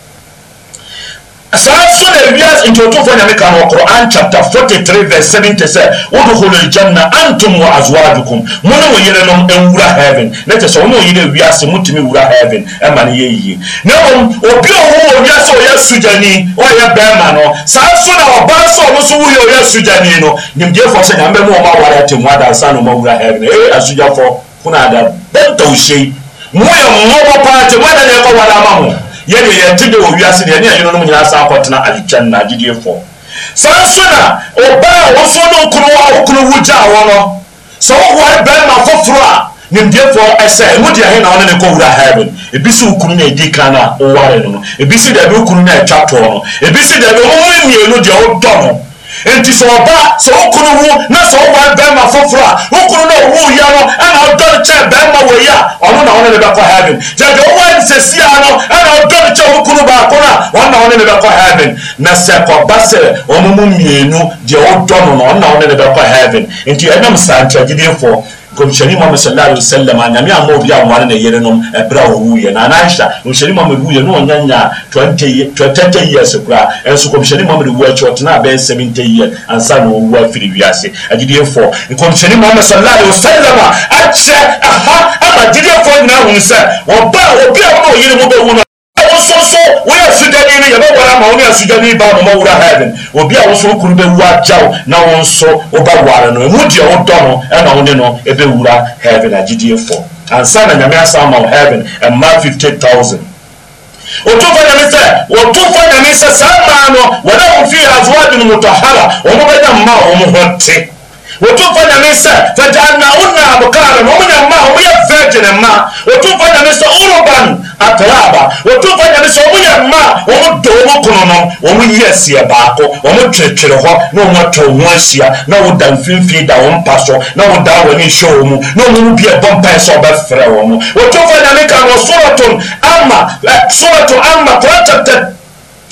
saa nso na ewia ntontofo nyame ka no quran chapter forty three verse seven seventy sɛ wodokolo aljanna antum wa azwajukum mo ne yere nom nwura heaven ne kyɛ sɛ wo ne wo yere wiase motumi wura heaven ɛma no yɛ yie na mmom obi a ɔwo wɔ wiase a ɔyɛ sugyani ɔyɛ bɛrima no saa nso na ɔbaa sɛ ɔno nso woyɛ ɔyɛ sugyani no nimdiefoɔ sɛ nyame mu ɔma aware atemmu adansa na ɔma wura heaven ee asugyafoɔ kuna ada bɛnta ohyɛ yi mo yɛ mmɔbɔ paa te mo ɛna na ɛkɔ wada ama mo yɛde yɛn ti de wɔ wiase deɛ ne yɛn yerenom nyinaa san akɔtena alikyan na agyidie fɔ saa nso na ɔbaa a wɔso ne nkuru a wɔkuru wu gya wɔ no sɛ wɔwɔre bɛrima foforɔ a nimdiefoɔ ɛsɛ emu deɛ he na ɔne ne kɔwura heaven ebi si okunu na edi kan na ɔware no no ebi si deɛ bi okunu na ɛtwa toɔ no ebi si deɛ bi ɔmo mmienu deɛ ɔdɔ no nti sɛ ɔba sɛ wokunu wu na sɛ woware bɛrima foforɔ a wokunu na ɔwu ya no ɛna ɔdɔre kyɛ bɛrima wɔ yi a ɔno na wɔne ne bɛkɔ heaven gyagya woware nsɛsia no ɛna ɔdɔre kyɛ wokunu baako no a ɔno na wɔne ne bɛkɔ heaven na sɛ kɔba sɛ ɔmo mu mmienu deɛ wodɔ no no ɔno na wɔne ne bɛkɔ heaven nti ɛnam saa nkyɛgyedefoɔ kɔmhyɛni muhammed sallallahu alaihi wa sallam a nyame ama obi a ɔmare na yerenom ɛberɛ a wɔwuiɛ na anahyɛ kɔmhyɛni muhammed wuiɛ na ɔnyanya twenty years koraa ɛnso kɔmhyɛni muhammed wu akyi ɔtena abɛɛ seventy years ansa na ɔwu afiri wiase agyidiefo kɔmhyɛni muhammed sallallahu alaihi wa sallam a akyerɛ aha ama agyidiefo nyinaa hun sɛ ɔba obi a ɔma ɔyere mu bɛwu no So so woyɛ sudani no yɛbɛwara ma wo ne asudani ba no mawura heaven obi a wo so wo kunu bɛwu agya wo na wo nso wobɛware no ɛmu deɛ wodɔ no ɛna wo ne no ɛbɛwura e heaven agyediefoɔ ansa na nyame asa ma wo heaven ɛma 50000 wɔtumfa nyame sɛ wɔtumfa nyame sɛ saa maa no wɔne wo fii azwadin mutahara wɔmo bɛnya mma wɔ mo ho te wɔtumfa nyame sɛ fagyanna wonna abokara no wɔmo nya mma wɔmoyɛ virgin mma wɔtumfa nyame sɛ oroban atalaba wɔtumfo nyame sɛ ɔmo yɛ mma a ɔmo dɔ ɔmo kono no ɔmo yi ɛseɛ baako ɔmo twerɛtwerɛ hɔ na ɔmo atwa ɔmo ahyia na ɔmo da mfimfini da ɔmo mpa so na ɔmo da wɔn ani hyɛ ɔmo na ɔmo mu bi ɛbɔ mpae sɛ ɔbɛfrɛ ɔmo wɔtumfo nyame ka no soroton ama eh, soroton ama kora chapter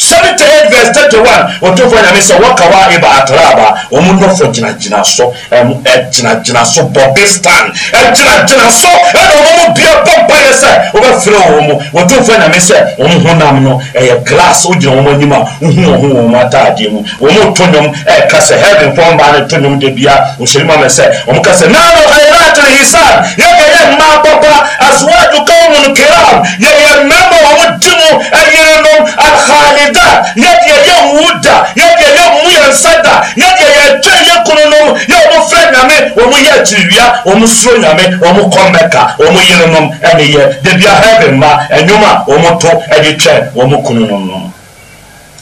seventy eight verse 31. one ɔtɔfo nyame sɛ wɔkawa eba atraba ɔmo nɔfo gyinagyina so ɛgyinagyina so bɔde stand ɛgyinagyina so ɛna ɔmo mo bia bɔ bayɛ sɛ wɔbɛfrɛ wɔn mo ɔtɔfo nyame sɛ ɔmo honam no ɛyɛ glass ogyina wɔn anim a ohun ɔho wɔn mo ataadeɛ mu wɔn to nnwom ɛɛka sɛ heaven fɔm baa to nnwom de bia ohyɛnmu amɛ sɛ ɔmo ka sɛ naanɔ ɛyɛ lisan yɛyɛyɛ mmaa papa aswaaju qaumun kiram yɛyɛ mmarima wɔ mo di mu ayerenom alhalida yɛdeɛ yɛ nwu da yɛdeɛ yɛ mu yɛ nsa da yɛdeɛ yɛtwa yɛ kununom yɛ ɔmo frɛ nyame ɔmo yɛ akyiriwia ɔmo suro nyame ɔmo kɔ mɛka ɔmo yerenom ɛne yɛ dabi ahɛbɛ mma ɛnwom a ɔmo to ɛde twɛ ɔmo kununom no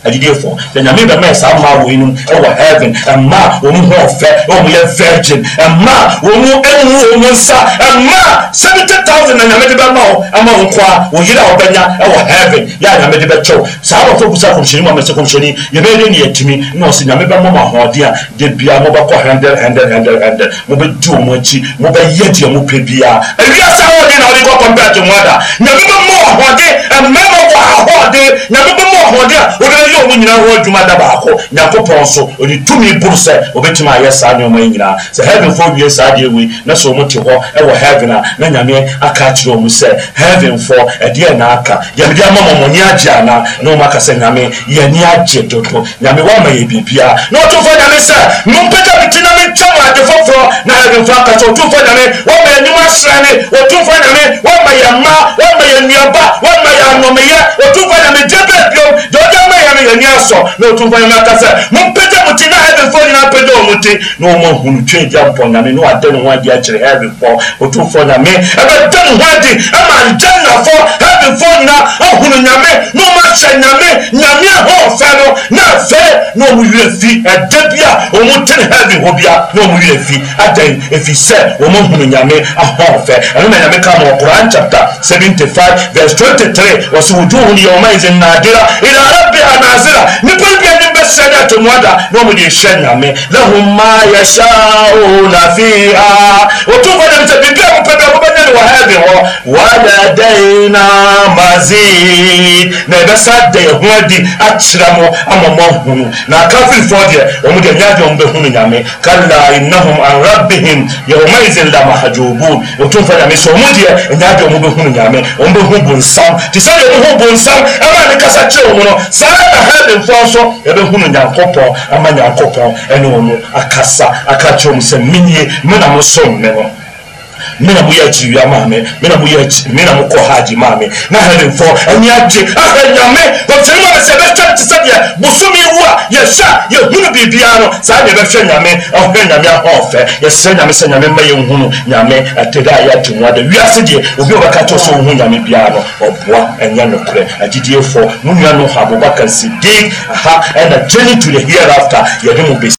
agyidiefo nyame bɛma yɛ saa mmaa wɔ yinom ɛwɔ heaven mmaa wɔn ho ɔfɛ wɔn yɛ virgin mmaa wɔn mu ɛmu wɔn mu nsa mmaa seventy thousand na nyame de bɛma wɔ ama wɔn kɔa wɔn yiri a wɔbɛnya ɛwɔ heaven yɛ a nyame de bɛkyɛw saa wɔfɔ busa kɔmhyɛni mu amesɛ kɔmhyɛni yɛ bɛyɛ ne yɛtumi na ɔsi nyame bɛma mo ahoɔden a de bia mo bɛkɔ hɛndɛl hɛndɛl hɛndɛl hɛndɛl mo bɛ di wɔn akyi mo bɛ yɛ deɛ mo pɛ bia ewia saa wɔde na wɔde kɔ kɔmpɛɛti mu ada nyame bɛma ahoɔden mmarima wɔ ahoɔden nyame ade a wode bɛyɛ ɔmo nyinaa hɔ adwuma da baako nyankopɔn so ɔde tumi boro sɛ ɔbɛtumi ayɛ saa nneɔma yi nyinaa sɛ heavenfoɔ wie saa deɛ wei na sɛ ɔmo te hɔ ɛwɔ heaven a na nyame aka akyerɛ ɔmo sɛ heavenfoɔ ɛdeɛ na aka yamede ama mɔmɔni agye anaa na ɔmo aka sɛ nyame yɛni agye dodo nyame woama yɛ biribia na ɔtomfoɔ nyame sɛ nompɛgya me ti na menkyɛ ade foforɔ na awemfo akasa ɔtumfo nyame wɔma yɛ nnwuma serɛne ɔtumfo nyame wɔma yɛ mma wɔma yɛ nnuaba wɔma yɛ anomeyɛ ɔtumfo nyame gye bɛ biom deɛ ɔgya ma yɛ no yɛni asɔ na ɔtumfo nyame akasa mompɛgya mo ti na awemfo nyinaa pɛgya ɔ mo ti na ɔma hunu twe gya mpɔ nyame na wada ne ho adi akyerɛ awemfɔ ɔtumfo nyame ɛbɛda ne ho adi ama agyannafo awemfo nyinaa ahunu nyame na ɔma hyɛ nyame nyame ahɔɔfɛ no na afei na ɔmo werɛ fi ɛda bi a ɔmo tene heaven bia na ɔmo awie Efi, adan ɛfiri sɛ wɔma hunu nyame ahoɔfɛ ɛno na nyame ka ma ɔkoran chapter 75 verse 23 wɔsɛ wojuhu no yɛwɔma ɛsɛ nadira ila rabbi anasira nipa bia ne bɛsɛ ne atomuada na ɔmode ɛhyɛ nyame lahum ma yashauna fiha ɔtomfɔ nyame sɛ biribia mopɛ bia mobɛnya ne wɔ ha bi hɔ waladaina mazid na ɛbɛsa da ɛho adi akyerɛ mo ama mo ahunu na akafirifoɔ deɛ ɔmode anya deɛ ɔmbɛhunu nyame kala innahum an rabbihim yawmaizin la mahjubun otumfa nyame sɛ ɔmo deɛ ɛnyɛ adeɛ ɔmo bɛhunu nyame ɔmo bɛhu bonsam te sɛ ɔmo hu bonsam ɛma ne kasa kyerɛ ɔmo no saa na ha de mfoɔ nso ɛbɛhunu nyankopɔn ama nyankopɔn ɛne ɔmo akasa aka kyerɛ ɔmo sɛ menyie me na mosom me no mina mu yɛ akyi wia maame mina mu yɛ akyi mina mu kɔ hajj maame na hɛn nfɔ ɛni agye ahɛ nyame wɔtɛn mu a sɛ ɛbɛhwɛ sɛ deɛ bosomi wu a yɛhwɛ yɛhunu biribiara no saa deɛ ɛbɛhwɛ nyame ɔhwɛ nyame ahɔɔfɛ yɛsrɛ nyame sɛ nyame ma yɛnhunu nyame ɛtɛdɛ a yɛagye mu ada wiase deɛ obi a ɔbɛka kyɛw sɛ wohu nyame biara no ɔboa ɛnyɛ nokorɛ agyidiefoɔ mu nua no habobakar sidik aha ɛna journey to the hereafter yɛde mu bɛsi